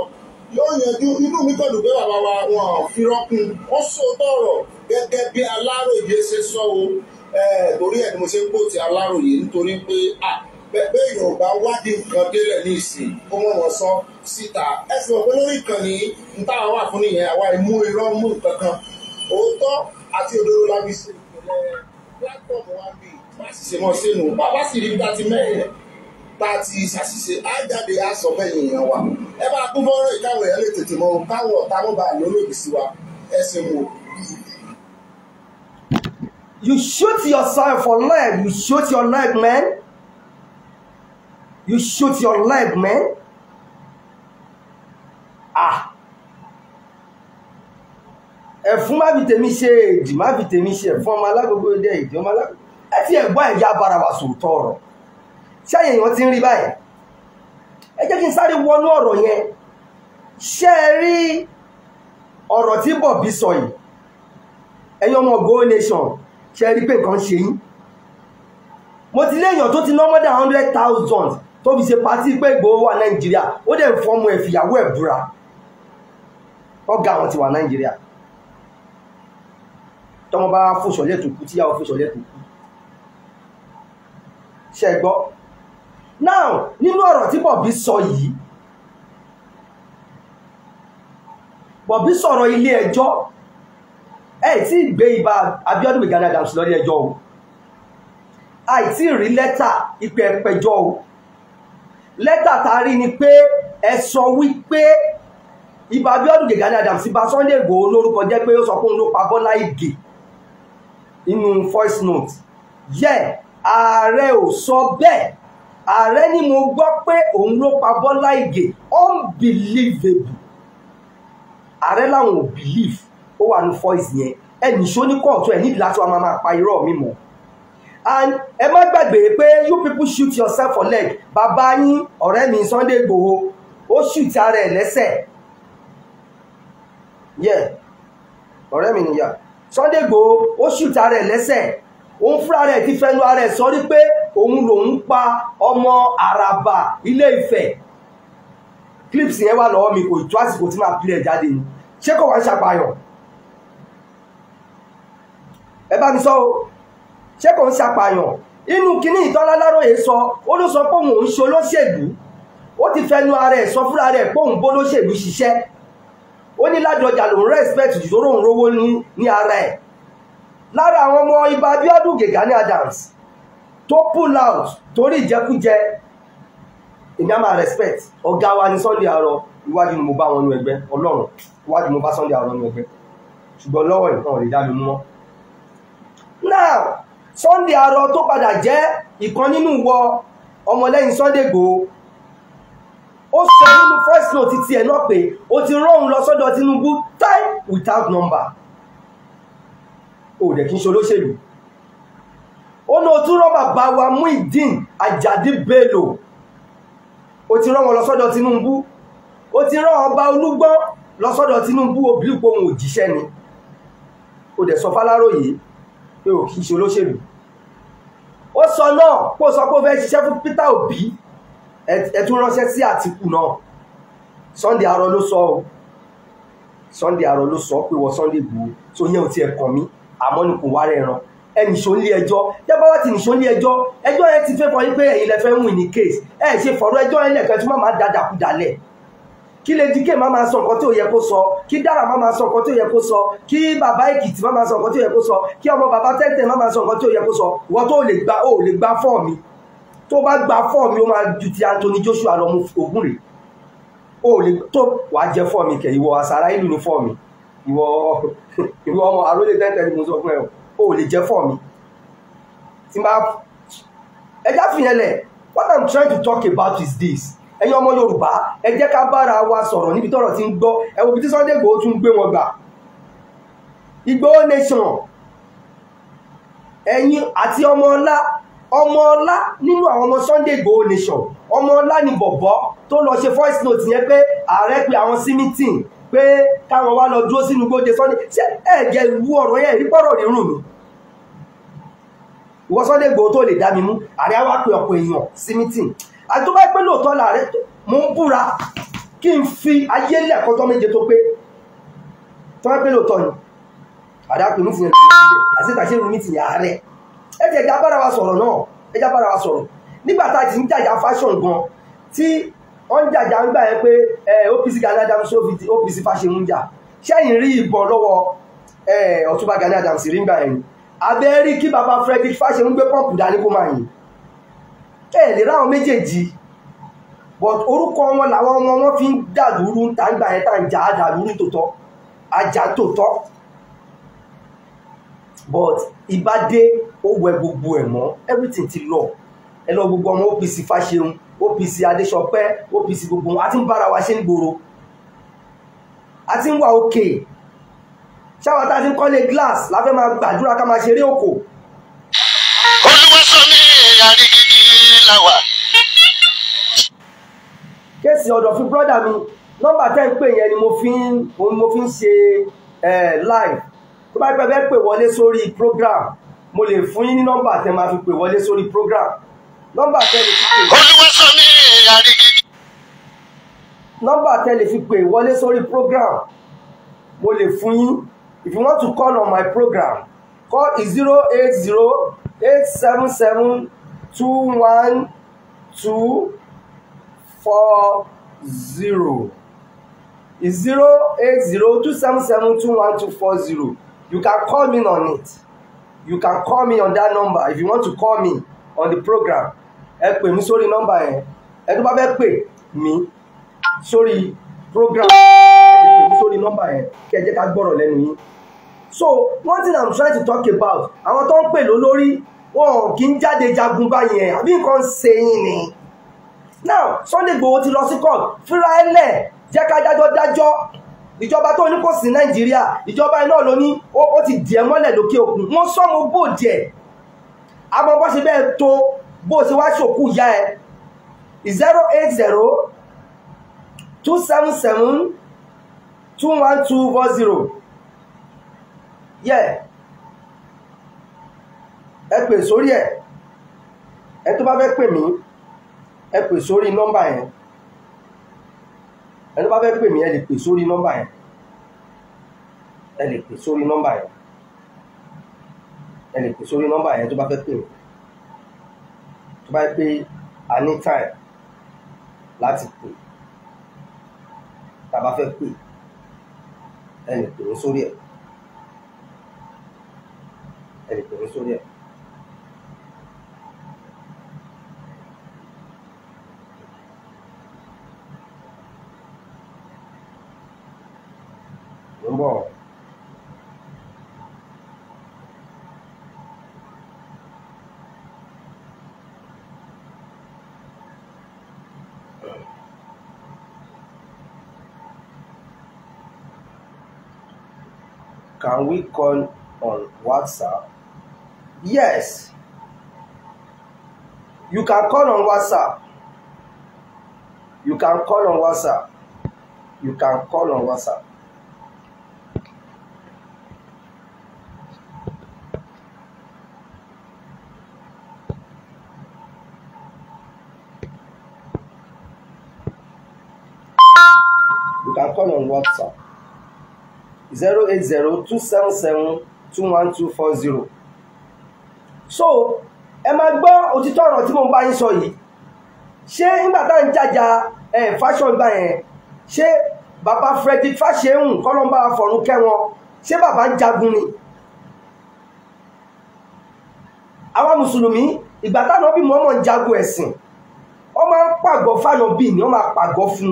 yóò yanjú inú mi pẹ̀lú pé bàbá wa wọn fi rọ́kùn ó sòótọ́ ọ̀rọ̀ gẹ́gẹ́ bí aláròye ṣe sọ o torí ẹ̀ ni mo ṣe ń pò ti aláròye nítorí pé bẹ́ẹ̀ èèyàn bá wádìí nǹkan délẹ̀ ní ìsìn kó wọ́n wọ́n sọ síta ẹ sì mọ̀ pé lórí ìkànnì ń táwọn wà fún nìyẹn àwa ìmú irọ́ mú nǹkan kan òótọ́ àti òdòdó lábí ṣe ìpínlẹ̀ platform wa bí wọ́n sì ṣe mọ́ sínú bàbá sì rí tá ti mẹ́rin tá ti ṣàṣìṣe á jáde á sọ bẹ́yìn èèyàn wa ẹ bá kún fọ́nrán ìkáwọ̀ èèyàn lè tètè mọ káwọ̀ ọ̀tá bá a lólóògbé sí wa ẹ ṣe wò. You shoot yourself for leg. You shoot your leg, man. You shoot your leg, man. Ah ẹ̀fún má fi tèmi ṣe èdì má fi tèmi ṣe ẹ̀fún ọmọ alágbogbo dé èdè ọmọ alágbogbo ẹ ti ẹ̀gbọ́n ẹ̀yà bara wà sòótọ́ ọ̀rọ̀ ṣáyẹ̀ èèyàn ti ń rí báyìí ẹ jẹ́ kí n sáré wọnú ọ̀rọ̀ yẹn ṣé ẹ rí ọ̀rọ̀ tí bọ̀bí sọ yìí ẹ̀yin ọmọ Go Nation ṣé ẹ rí pé nǹkan ṣe yín mo ti léèyàn tó ti ná mọ́dà hundred thousand tó fi ṣe pàtí pé Ìgbòho wà Nàìjíríà ó dẹ̀ ń fọmọ ẹ̀fìyàwó ẹ̀ búra ọ̀gá àwọn ti wà Nàìjíríà tọ́mọ bá fò sọ̀lẹ̀ tó kú tíyàwó fò ṣe gbọ́ now nínú ọ̀rọ̀ tí bọ̀bí sọ yìí bọ̀bí sọ̀rọ̀ ilé ẹjọ́ ẹ̀ tí ìgbé ibà Abíọ́dún Gani Adams lórí ẹjọ́ o àìtí rí lẹ́tà ìpè ẹ̀pẹ̀jọ́ o lẹ́tà tàrí ni pé ẹ sọ wípé ibà Abíọ́dún Gani Adams bá Sunday Igboho lórúkọ jẹ́ pé ó sọ pé òun ló pa Bọ́lá Ìgè inú voice note yẹ ààrẹ ò sọ bẹ́ẹ̀ ààrẹ ni mo gbọ́ pé òun ló pa Bọ́lá Ìgè unbelievable ààrẹ làwọn ò believe ó wà ní voice yẹn ẹnì ṣó ní kóòtù ẹ̀ nídìí láti wá máa máa pa irọ́ mi mọ́ and ẹ má gbàgbé pé you people shoot yourself for leg bàbá yín ọ̀rẹ́ mi Sunday Igboho ó shoot ara ẹ̀ lẹ́sẹ̀ yeah ọ̀rẹ́ mi nìyà. Sunday Igboho ó ṣùtà rẹ̀ lẹ́sẹ̀ òun fúnra rẹ̀ ti fẹnu ara ẹ̀ sọ rí pé òun lòun pa ọmọ àràbà ilé Ifẹ̀ clips yẹn wà lọ́wọ́ mi kò tó àsìkò tí màá pilẹ̀ jáde ni ṣé kò wá ń ṣàpàyàn ẹ bá mi sọ o ṣé kò ń ṣàpàyàn inú kinní ìtọ́lá láròyé sọ ó ló sọ pé òun ò ń ṣe olóṣèlú ó ti fẹnu ara ẹ̀ sọ fúnra rẹ̀ pé òun bó lóṣèlú ṣiṣẹ́ ó ní Ládọjà lòún respect jù tó ròun rówó ní ara ẹ̀ lára àwọn ọmọ ibà Abíọ́dún Gani Adams tó pull out torí ìjẹkújẹ èmi á máa respect ọ̀gá wa ní Sunday àárọ̀ iwájú ni mo bá wọn nu ẹgbẹ́ ọlọ́run iwájú mo bá Sunday àárọ̀ nu ẹgbẹ́ ṣùgbọ́n lọ́wọ́ nǹkan ò lè dá mi mú mọ́. now Sunday àárọ̀ tó padà jẹ́ ìkan nínú wọ ọmọlẹ́yìn Sunday Igboho ó sọ nínú first note ti tiẹ̀ náà pé ó ti rán òun lọ sọ́dọ̀ Tinubu time without number ó dẹ̀ kí n ṣe olóṣèlú ó ní o tún rán bàbá wa Muideen Ajadi Bello ó ti rán wọn lọ sọ́dọ̀ Tinubu ó ti rán ọba Olúgbọ́n lọ sọ́dọ̀ Tinubu obìnrin pohun òjíṣẹ́ ni ó dẹ̀ sọ fáláròyé pé ò kí n ṣe olóṣèlú ó sọ náà pé ó sọ pé ó fẹ́ ṣiṣẹ́ fún Peter Obi ẹ tún ránṣẹ́ sí àtìkù náà Sunday arọ ló sọ ọ Sunday arọ ló sọ pé wọ Sunday Igboho tó yẹ ò tiẹ̀ kàn mí àmọ́ ni kò wá rẹ̀ ràn ẹ nìṣó ń lé ẹjọ́ yẹ́bá wá ti nìṣó ń lé ẹjọ́ ẹjọ́ yẹn ti fẹ́ kọ́ yín pé ẹ̀yin lẹ fẹ́ ń win ní case ẹ ṣe fọ̀rọ̀ ẹjọ́ yẹn lẹ̀kẹ́ tí wọ́n máa dáadáa kú dalẹ̀ kí lejike má máa sọ nǹkan tí ò yẹ kó sọ kí dára má máa sọ nǹkan tí ò yẹ kó sọ kí bàbá èkìtì má máa sọ nǹkan tí ò yẹ kó sọ kí ọmọ bàbá tẹ́tẹ́ má máa sọ nǹkan tí ò yẹ kó sọ ìwọ tó lè gba ò lè gba fọ́ọ̀mù tó bá gba fọ́ọ̀mù ó máa ju ti Anthony Joshua lọ mú ogún rè ó lè tó wàá jẹ fọ́ọ̀mù kẹ ìwọ àṣàrà ìlú ní fọ́ọ̀mù ìwọ ìwọ ọmọ àròlé tẹ́tẹ́ ni mo sọ fún ẹ ó lè jẹ fọ́ọ̀mù tí bá ẹjá fìyẹn lẹ̀ what i'm trying to talk about is this ẹ̀yin ọmọ Yorùbá ẹ jẹ́ ká bára wa sọ̀rọ̀ níbi tọ́rọ̀ ti ń gbọ́ ẹ wo tí Sunday Igboho tún gbé wọn gbà Igboho nation ẹ̀yin àti ọmọ ọlá ọmọ ọlá nínú àwọn ọmọ Sunday Igboho nation ọmọ ọlá ni bọ̀bọ̀ tó lọ ṣe voice note yẹn pé ààrẹ pe àwọn sí meeting pé káwọn wá lọ dúró sínú gbóde Sunday ṣé ẹ̀jẹ̀ ìwú ọ̀rọ̀ yẹn rí pọ̀rọ̀ rírùn mi ìwọ Sunday Igboho tó lè dá mi mú ààrẹ á wá pe ọ̀pọ̀ èèyàn sí meeting àti tó bá pẹ́ lóòótọ́ làárẹ̀ mo ń búra kí n fi ayé lẹ́ẹ̀kan tó méje tó pé tó bá pẹ́ lóòótọ́ ni àdá pẹ̀lú fún ẹ̀ àti ìtàṣẹ́rù mítìnì ààrẹ ẹ ti ẹja bára wa sọ̀rọ̀ náà ẹja bára wa sọ̀rọ̀ nígbà tá a ti ń jàjà fashion gan tí wọ́n ń jàjà ń gbà yẹn pé OPC Gani Adams OPC fashion ń jà ṣẹ́yìn rí ìbọn lọ́wọ́ Ọ̀túnba Gani Adams rí ń gbà yẹn abẹ́rí kí baba Frederick fashion ń gbé pọ́ǹpù dání kó máa yìn ẹ lè ráwọn méjèèjì but orúkọ wọn làwọn ọmọ wọn fi ń dàlúrú ń tàǹgbà yẹn tàǹjà dàlúrú tòótọ́ àjà tòótọ́ but ibà dé ó wẹ gbogbo ẹ̀ mọ́ everything ti lọ ẹ lọ gbogbo ọmọ OPC Fáṣẹ̀hùn OPC Adéṣọpẹ́ OPC gbogbo wọn a ti ń bára wa ṣe ń gbòòrò a ti ń wà òkè ṣáwa tá a ti ń kọ́lé glass la fẹ́ máa gbàdúrà ká máa ṣeré òkò. olúwa sọ ní àríkìkì làwà. kéèsì ọ̀dọ̀ fi brọ́dà mi nọ́mbà tẹ́ ń pè yẹn ni mo fi ń ṣe eh, live tó bá gbẹ́gbẹ́ pè wọlé sórí program mo lè fún yín ní nọ́mbà tẹ́ máa fi pè wọlé sórí program nọ́mbà tẹ́ lè fi pè. nọ́mbà tẹ́ lè fi pè wọlé sórí program mo lè fún yín if you want to call on my program call zero eight zero eight seven seven two one two four zero zero eight zero two seven seven two one two four zero. You can call me on it. You can call me on that number if you want to call me on the program. Ẹ pè mí sórí nọ́mbà yẹn. Ẹ tó bá fẹ́ pè mí sórí program. Ẹ pè mí sórí nọ́mbà yẹn kí ẹ jẹ́ ká gbọ́rọ̀ lẹ́nu yín. So one thing I'm trying to talk about àwọn tó ń pè lólórí wọn kì í jáde jagun báyẹn àbí nǹkan ṣe yín ni. Now Sunday Igboho ti lọ sí court fúnra ẹ lẹ̀ jẹ́ ká dájọ́ dájọ́ ìjọba tó ní kò sí nàìjíríà ìjọba iná ló ní ó ti dìẹ̀ mọ́lẹ̀ lókè òkun wọ́n sọ mo bò díẹ̀ àmọ́ bó ṣe bẹ́ẹ̀ tó bó ṣe wá ṣòkú ìyá ẹ zero eight zero two seven seven two one two four zero yẹ ẹ pè sórí ẹ ẹ tó bá fẹ́ pè mí ẹ pè sórí nọ́mbà yẹn ẹni tó bá fẹ́ pè mí ẹ lè pè sórí nọ́mbà yẹn ẹ lè pè sórí nọ́mbà yẹn ẹ lè pè sórí nọ́mbà yẹn tó bá fẹ́ pè mí tó bá yẹ pé a ní time láti pè tá a bá fẹ́ pè ẹ lè pè mí sórí ẹ ẹ lè pè mí sórí ẹ. Can we call on WhatsApp? Yes. You can call on WhatsApp. You can call on WhatsApp. You can call on WhatsApp. zero eight zero two seven seven two one two four zero. so ẹ máa gbọ́ òtítọ́ ọ̀rọ̀ tí mo bá yín sọ yìí ṣé nígbà tá à ń jàjà ẹ̀ fashion gbà yẹn ṣé bàbá Frederick Fáṣẹ̀hùn kọ́lọ́mbà fọ̀rún kẹ́wọn ṣé bàbá ń jagun ni àwa mùsùlùmí ìgbà táwọn bí mọ́mọ́ ń jagun ẹ̀sìn wọ́n máa ń pàgọ́ fáànà bíi ni wọ́n máa pàgọ́ fún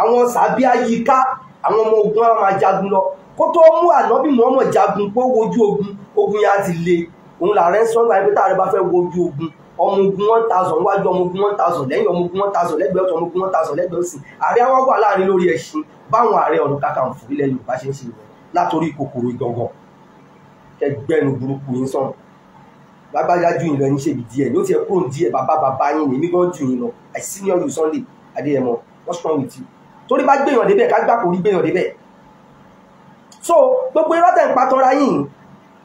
àwọn sàbí àyíká àwọn ọmọ ogun wa máa jagun lọ kó tó mú ànábì mọ́mọ́ jagun pé ó wojú ogun ogun yẹn á ti le òun làárẹ̀ ń sọ́nà ẹgbẹ́ tààrẹ bá fẹ́ wojú ogun ọmọ ogun one thousand wájú ọmọ ogun one thousand lẹ́yìn ọmọ ogun one thousand lẹ́gbẹ̀ẹ́ ọ̀tọ̀ ọmọ ogun one thousand lẹ́gbẹ̀ẹ́ òsì ààrẹ wa wà láàrin lórí ẹṣin báwọn ààrẹ ọ̀nà kakanfò ilẹ̀ yorùbá ṣe ń ṣe rẹ̀ látòrí kòkòrò ìgangan ẹgbẹ́nu burúkú yín sàn lágbájá ju ìlọ ẹni ṣèbí díẹ̀ ló ti ẹ̀ kúrò díẹ̀ bàbá bàbá yín ní mígán ju ìlọ àìsíníọ̀lù sunday adéyẹmọ what's wrong with you torí bá gbèyàn débẹ̀ ká gbà kò rí gbèyàn débẹ̀ so gbogbo irọ́ tẹ̀ ń pa tọ́ra yìí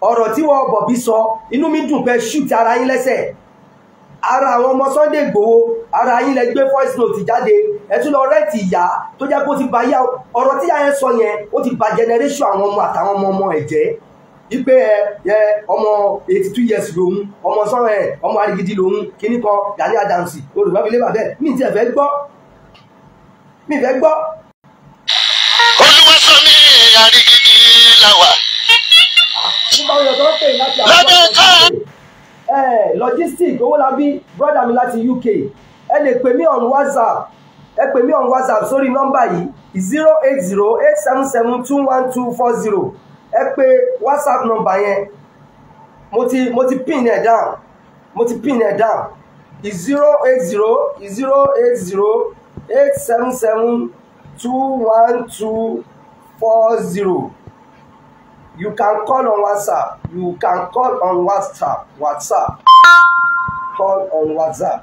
ọ̀rọ̀ tí wọ́n bọ̀ bí sọ inú mi dùn pé ṣù ti ara yín lẹ́sẹ̀ ara àwọn ọmọ Sunday Igboho ara yín lẹ gbé voice note jáde ẹ lọ rẹ́ẹ̀tì ìyá tó jẹ́ kó ti ba yá ọ̀rọ̀ tíyá yẹn sọ yẹn ó ti ba generation àwọn ọmọ àtàwọn ọmọ ọmọ ẹ̀ jẹ́ ipe ẹ ọmọ eighty two years lòun ọmọ sọ́rọ̀ ẹ̀ ọmọ arigidi lòun kíní kan Gani Adams olùgbàbílẹ̀ bàbẹ́ mi ti ẹ̀fẹ́ gbọ́ mi fẹ́ gbọ́. olúwasanmi arigidi làwà. lábẹ́ ká. logistic owólabí broda mi láti UK ẹ lè pè mí on WhatsApp ẹ pè mí on WhatsApp sórí nọ́mbà yìí zero eight zero eight seven seven two one two four zero ẹ pè WhatsApp nọ́mbà yẹn mo ti mo ti pin ẹ̀ down mo ti pin ẹ̀ down zero eight zero zero eight zero eight seven seven two one two four zero you can call on whatsapp you can call on whatsapp whatsapp call on whatsapp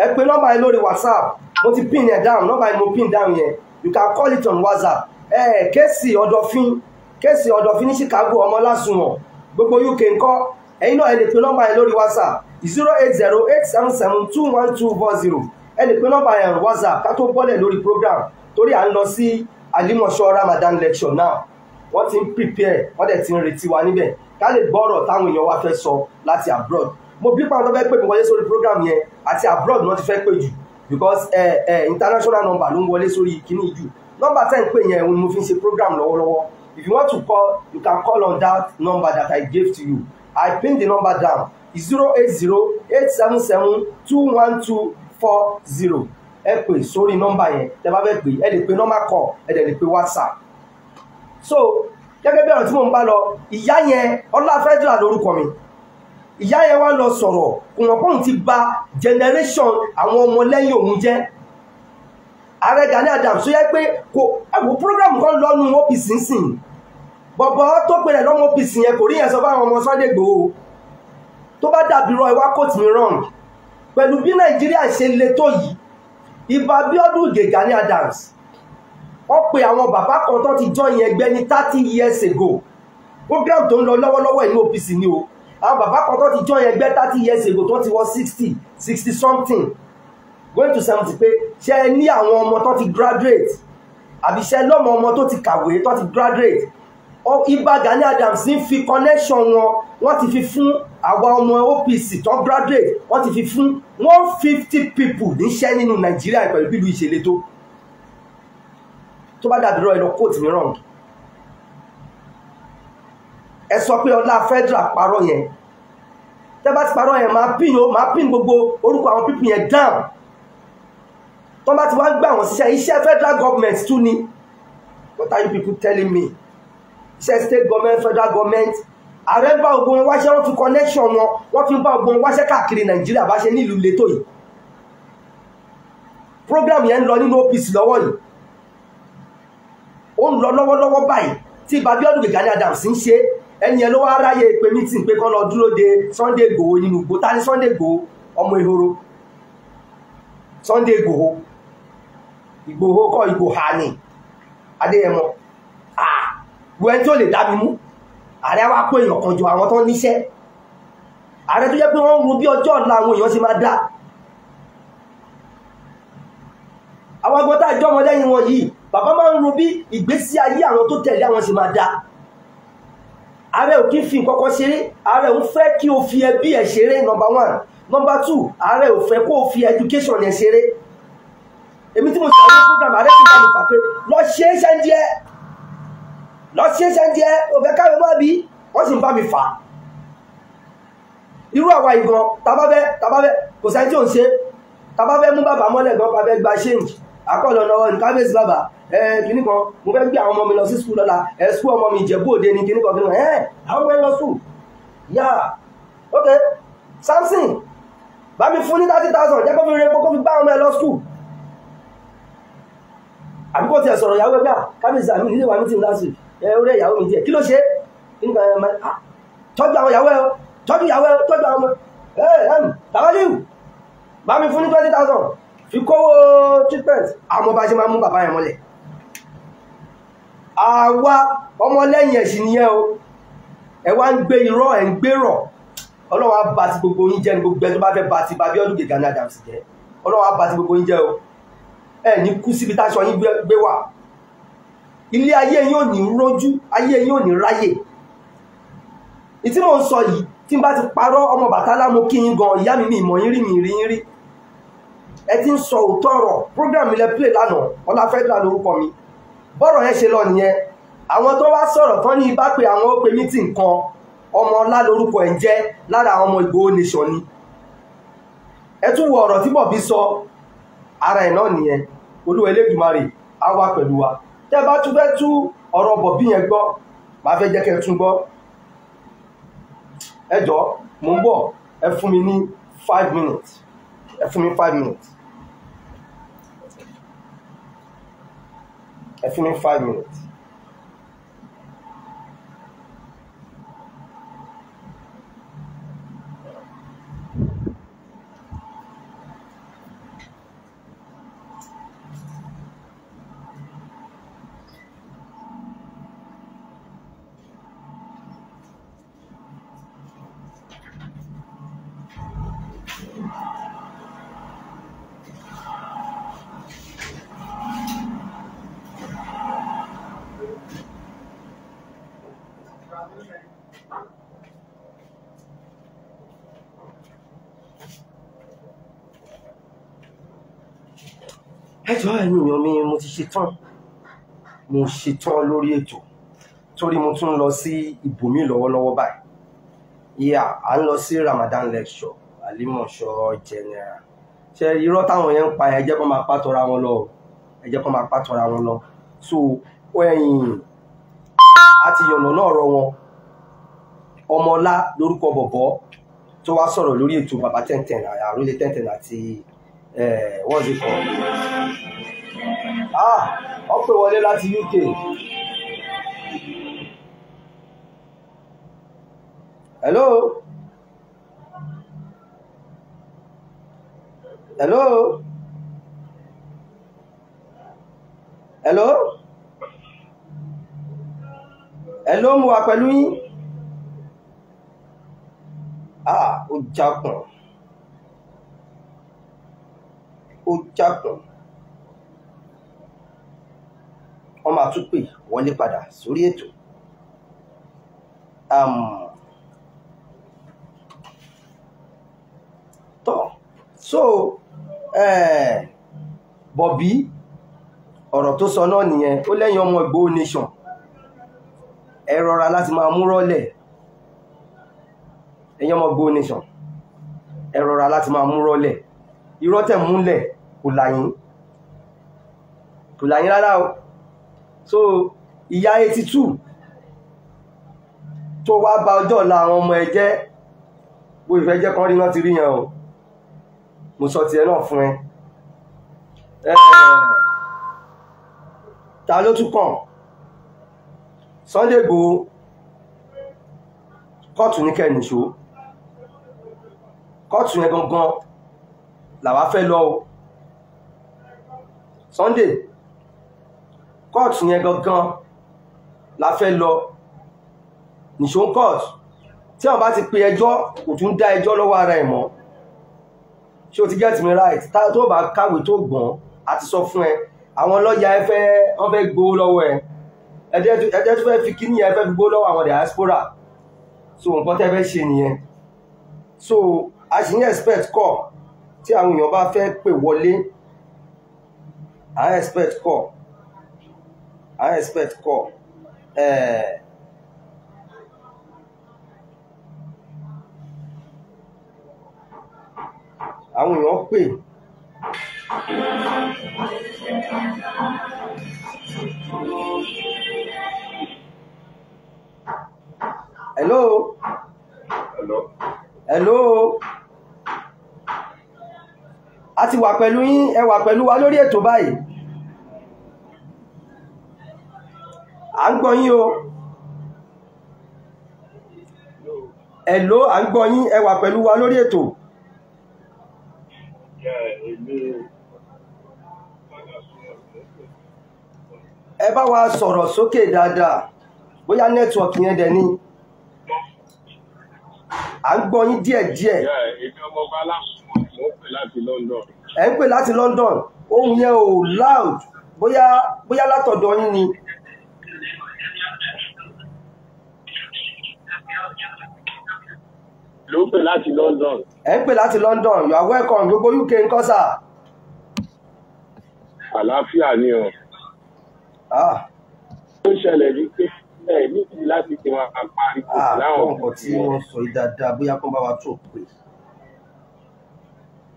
ẹ pè nọ́mbà yẹn lórí whatsapp mo ti pin yẹn down nọ́mbà yẹn mo pin down yẹn you can call it on whatsapp ẹ eh, kéèsì ọ̀dọ̀fin kéèsì ọ̀dọ̀fin ní chicago ọmọlásùnwọ̀n gbogbo uk ńkọ́ ẹ̀yin náà ẹ lè pè nọ́mbà yẹn lórí whatsapp zero eight zero eight seven seven two one two four zero ẹ lè pe nọ́mbà yẹn whatsapp ká tó bọ́lẹ̀ lórí program torí à ń lọ sí alimọ̀ṣọ́ ramadan lecture now wọ́n ti ń prepare wọ́n dẹ̀ ti ń retí wa níbẹ̀ ká lè gbọ́rọ̀ táwọn èèyàn wa fẹ́ sọ láti abroad mo bí pàrọ̀ tó fẹ́ pè mí wọlé sórí program yẹn àti abroad wọ́n ti fẹ́ pè jù because ẹ ẹ international number ló ń wọlé sórí kíní jù nọ́mbà tẹ́ ń pè yẹn ni mo fi ń ṣe program lọ́wọ́lọ́wọ́ if you want to call you can call on that number that I gave to you I pin the number down zero eight zero eight seven seven two one two four zero ẹ pè sórí nọ́mbà yẹn tẹ́ bá fẹ́ pè ẹ lè pe nọ́mbà kọ̀ ẹ dẹ̀ lè pe whatsapp so gẹ́gẹ́ bí ọ̀rọ̀ tí mò ń bá lọ ìyá yẹn ọlá fẹ́dúrà lórúkọ mi ìyá yẹn wá lọ sọ̀rọ̀ kùnàpọ̀n ti bà generation àwọn ọmọ lẹ́yìn òun jẹ́ ààrẹ Gani Adams tó yẹ pé kò ẹ̀wọ̀n program kan lọ́nu OPC nsìn bọ̀bọ̀ tó pèrè lọ́mọ OPC yẹn kò rí yẹn sọ fáwọn ọmọ Sunday Igboho tó bá dàbí rọ ìwá kóòtù mi wrong pẹ̀lú bí nàìjíríà ṣe le tó yìí ibà Abíọ́dún Gani Adams wọ́n pe àwọn bàbá kan tó ti jọ ìyẹn ẹgbẹ́ ní thirty years ago program tó ń lọ lọ́wọ́lọ́wọ́ inú OPC ni o àwọn bàbá kan tó ti jọ ìyẹn ẹgbẹ́ thirty years ago tó ti wọ sixty sixty something going to seventy pé ṣe é ní àwọn ọmọ tó ti graduate àbí ṣe lọ́mọ ọmọ tó ti kàwé tó ti graduate ibà Gani Adams ń fi connection wọn wọ́n ti fi fún àwa ọmọ OPC tó graduate wọ́n ti fi fún one fifty people níṣẹ́ nínú Nàìjíríà pẹ̀lú bílù ìṣẹ̀lẹ̀ tó tó bá dàbí rọ ẹ lọ kóòtù mìíràn ẹ sọ pé ọlá federal parọ́ yẹn tẹ́ bá ti parọ́ yẹn máa pín o máa pín gbogbo orúkọ àwọn pípín yẹn down tó bá ti wá gbà wọ́n síṣẹ́ iṣẹ́ federal government tún ni what are you people telling me iṣẹ́ state government federal government ààrẹ bá ogun wọn wáṣẹ́ wọ́n fi connection wọn wọ́n fi bá ogun wọn wáṣẹ́ káàkiri nàìjíríà bá ṣe nílùú létò yìí program yẹn ń lọ nínú OPC lọ́wọ́ yìí ó ń lọ lọ́wọ́lọ́wọ́ báyìí tí babiodun gani adams ń ṣe ẹni yẹn ló wá ráyè pé meeting pé kán lọ dúró de Sunday Igboho nínú igbó ta ni Sunday Igboho ọmọ ehoro Sunday Igboho Igboho kọ Igboho àní adéyẹmọ ah wẹ́n tó lè dá mi mú ààrẹ wá kó èèyàn kan jọ àwọn tó níṣẹ́ ààrẹ tó jẹ́ pé wọ́n ń wo bí ọjọ́ ọ̀la àwọn èèyàn ṣe máa dà àwọn agbọ́n tá àjọ ọmọdéyìn wọn yìí bàbá máa ń ro bí ìgbésí ayé àwọn tó tẹ̀lé àwọn ṣe máa dà ààrẹ ò kí ń fi nǹkan kan ṣeré ààrẹ ò fẹ́ kí o fi ẹbí ẹ̀ ṣeré nọmba one nọmba two ààrẹ ò fẹ́ kó o fi education ẹ̀ ṣeré èmi tí mo ṣe àwọn program ààrẹ ti dá mi fà pé lọ ṣe é ṣe lọ sí ẹsẹ̀ mọ́ bí wọ́n sì ń bá mi fà irú àwa ìbọn tabafẹ́ tabafẹ́ kò sẹ́ni tí ò ń ṣe tabafẹ́ mú bàbá mọ́lẹ̀ gan pàfẹ́ gba change àkọlọ lọ́wọ́ ní kábíyèsí bàbá ẹ kìnnì kan mo fẹ́ gbé àwọn ọmọ mi lọ sí skul lọ́la ẹ skul ọmọ mi ìjẹ̀bú ni kìnnì kan kìnnì kan ẹ àwọn ọmọ ẹ lọ skul yà ok Samson bá mi fún ní thirty thousand jẹ́ kó fi re kó fi bá ọmọ ẹ lọ skul àbíkó tiẹ̀ sọ̀rọ̀ yàwó ẹgbẹ́ kábíyèsí àmì nílé wa ní tìǹdà sí i ẹ ó rẹ ìyàwó mi díẹ̀ kí ló ṣe nígbà ẹ máa ah, tọ́jú àwọn ìyàwó ẹ o tọ́jú ìyàwó ẹ o tọ́jú àwọn ọmọ ẹ ẹ tàwálíù bá mi fún ní twenty thousand fi kówó treatment àwọn ọba ṣe máa mú bàbá yẹn mọ́lẹ̀ àwa ọmọlẹ́yìn ẹ̀sìn nìyẹn o ẹ wá ń gbé irọ́ ẹ̀ ń gbérọ̀ ọlọ́wọ́ á bá ti gbogbo yín jẹ́ ni gbogbo ẹ tó bá fẹ́ bá ti bàbí ọdún gègé ní Adams jẹ́ ọlọ́wọ́ bá ti gbogbo yín jẹ́ o ẹ ní kú síbi táṣọ yín gbé wà ilé ayé yín ò ní rójú ayé yín ò ní ráyè ìtí mò ń sọ yìí tí n bá ti parọ́ ọmọ bàtálá mo kí yín gan ìyá mi mi ìmọ̀ yín rí mi rí rí ẹ ti ń sọ òótọ́ ọ̀rọ̀ program ilẹ̀ play lánàá ọláfẹ́dà lórúkọ mi bọ́rọ̀ yẹn ṣe lọ nìyẹn àwọn tó wá sọ̀rọ̀ tán ní ibà pé àwọn ó pe mítìn kan ọmọ ọlá lórúkọ ẹ̀ ń jẹ́ lára àwọn ọmọ Ìgbòho nation ni ẹ tún wo ọ̀rọ̀ tí bọ̀bí sọ ara ẹ̀ náà nìyẹn Olúwa Elédùmarè á wà pẹ̀lú wa tẹ́ bá tún fẹ́ tú ọ̀rọ̀ bọ̀bí yẹn gbọ́ màá fẹ́ jẹ́ kẹ́ ẹ tún gbọ́ ẹ jọ bọ̀ ẹ fún mi ní five minutes ẹ fún mi five minutes ẹ fún mi five minutes. ẹ jọ̀ọ́ ẹ̀yin èèyàn mi mo ti ṣetán mo ṣetán lórí ètò torí mo tún ń lọ sí ibòmí lọ́wọ́lọ́wọ́ báyìí yíyá à ń lọ sí Ramadan lecture àlímọ̀ṣọ́ general ṣe irọ́ táwọn yẹn ń pa ẹ jẹ́ kó máa pàtọ́ra wọn lọ ẹ jẹ́ kó máa pàtọ́ra wọn lọ so ẹ̀yìn àti yọ̀nà náà rọ wọn ọmọọlá lórúkọ bọ̀bọ̀ tó wá sọ̀rọ̀ lórí ètò bàbá tẹ̀ǹtẹ̀n àròlé tẹ̀ǹtẹ̀n àti uh, what's it called? ah wọ́n pè wọlé láti UK. hello. hello. hello. hello mo wà pẹ̀lú yín. ah ó jákùn. old chapter wọ́n máa tún pè wọlé padà sórí ètò tọ́ so bọ̀bí ọ̀rọ̀ tó sọ náà nìyẹn ó lẹ́yìn ọmọ Ìgbòho nation ẹ rọra láti máa mú rọ́lẹ̀ ẹ̀yin ọmọ Ìgbòho nation ẹ rọra láti máa mú rọ́lẹ̀ irọ́ tẹ̀ múlẹ̀ kò láyín kò láyín rárá o so ìyá 82 tó wá ba ọjọ́ ọ̀la àwọn ọmọ ẹ jẹ́ bó ìfẹ́ jẹ́ kán rí náà ti rí yẹn o mo sọ tiẹ̀ náà fún ẹ ta ló tún kàn Sunday Igboho kóòtù ní kẹ́ẹ̀nìṣó kóòtù yẹn gangan làwa fẹ́ lọ o Sunday court yẹn gangan la fẹ́ lọ nìṣó court tí àwọn bá ti pe ẹjọ́ kò tún dá ẹjọ́ lọ́wọ́ ara ẹ̀ mọ́ ṣé o ti get me right tó bá kàwé tó gbọ́n a ti sọ fún ẹ àwọn lọ́ọ̀yà ẹ fẹ́ wọ́n fẹ́ gbowó lọ́wọ́ ẹ ẹ̀dẹ́ tó fẹ́ fi kíní ẹ fẹ́ fi gbowó lọ́wọ́ àwọn diaspora so nǹkan tẹ́ fẹ́ ṣe nìyẹn so a sì ní expect call tí àwọn èèyàn bá fẹ́ pè wọlé I expect call. I expect call. Uh, àwọn èèyàn pè hello hello hello a ti wà pẹ̀lú yín ẹ wà pẹ̀lú wa lórí ètò báyìí à ń gbọ́ yín o ẹ̀ló a ń gbọ́ yín ẹ wà pẹ̀lú wa lórí ètò. ẹ bá wa sọ̀rọ̀ sókè dáadáa bóyá nẹ́tíwọ̀kì yẹn dẹ̀ ni à ń gbọ́ yín díẹ̀díẹ̀. Yeah, ẹ̀ ń pè láti London ohun yẹn ò loud bóyá bóyá látọ̀dọ̀ yín ni. ló pè láti London. ẹ̀ ń pè láti London you are welcome gbogbo UK ń kọ́ sà. àlàáfíà ni o. Ah. ó ṣẹlẹ̀ ní pé ẹ̀ níbi láti fi wọn àpárí ah, láwọn. àwọn nǹkan tí wọ́n sọ yìí dáadáa bóyá kó bá wa tó pè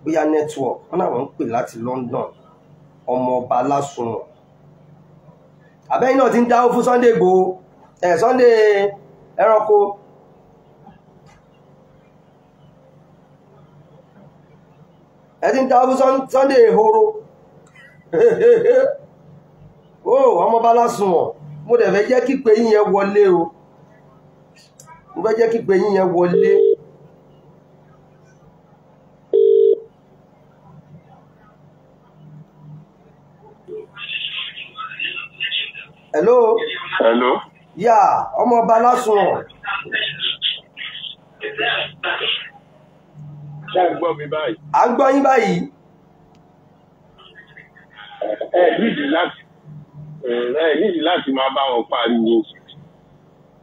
bóyá network wọn làwọn ń pè láti London ọmọọba lásùnwọ̀n àbẹ́yìn náà ti ń dáwó fún Sunday Igboho ẹ̀ Sunday ẹranko ẹ ti ń dáwó fún Sunday ehoro oh, ó ọmọọba lásùnwọ̀n mo dẹ̀ fẹ́ jẹ́ kípe yín yẹn wọlé o mo fẹ́ jẹ́ kípe yín yẹn wọlé o. hello. yà ọmọọba lásùn. ṣé à ń gbọ́ mi báyìí. à ń gbọ́ yín báyìí. ẹ ẹ nídìí láti ẹ nídìí láti máa bá wọn pariwo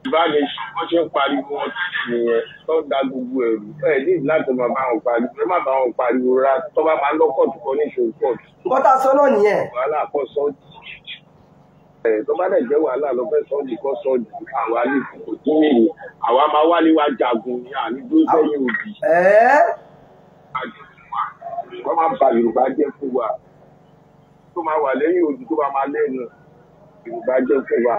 ìbáni bó ṣe ń pariwo wọn nìyẹn tó ń da gbogbo ẹrù ẹ ní láti máa bá wọn pariwo ẹ má bá wọn pariwo ra tó bá máa lọ́kọ̀tù kan ní ìṣòro pọ̀. nǹkan tá a nìyẹn. wàhálà pọ̀ ẹ jẹ́ wàhálà lọ fẹ́ sọ ní sọ ju àwa ní kò tí mi ni àwa máa wá ní wa jagun ní àníjú sẹ́yìn òbí. wọ́n máa ba Yorùbá jẹ́ fún wa tó máa wà lẹ́yìn òbí tó máa máa lẹ́nu Yorùbá jẹ́ fún wa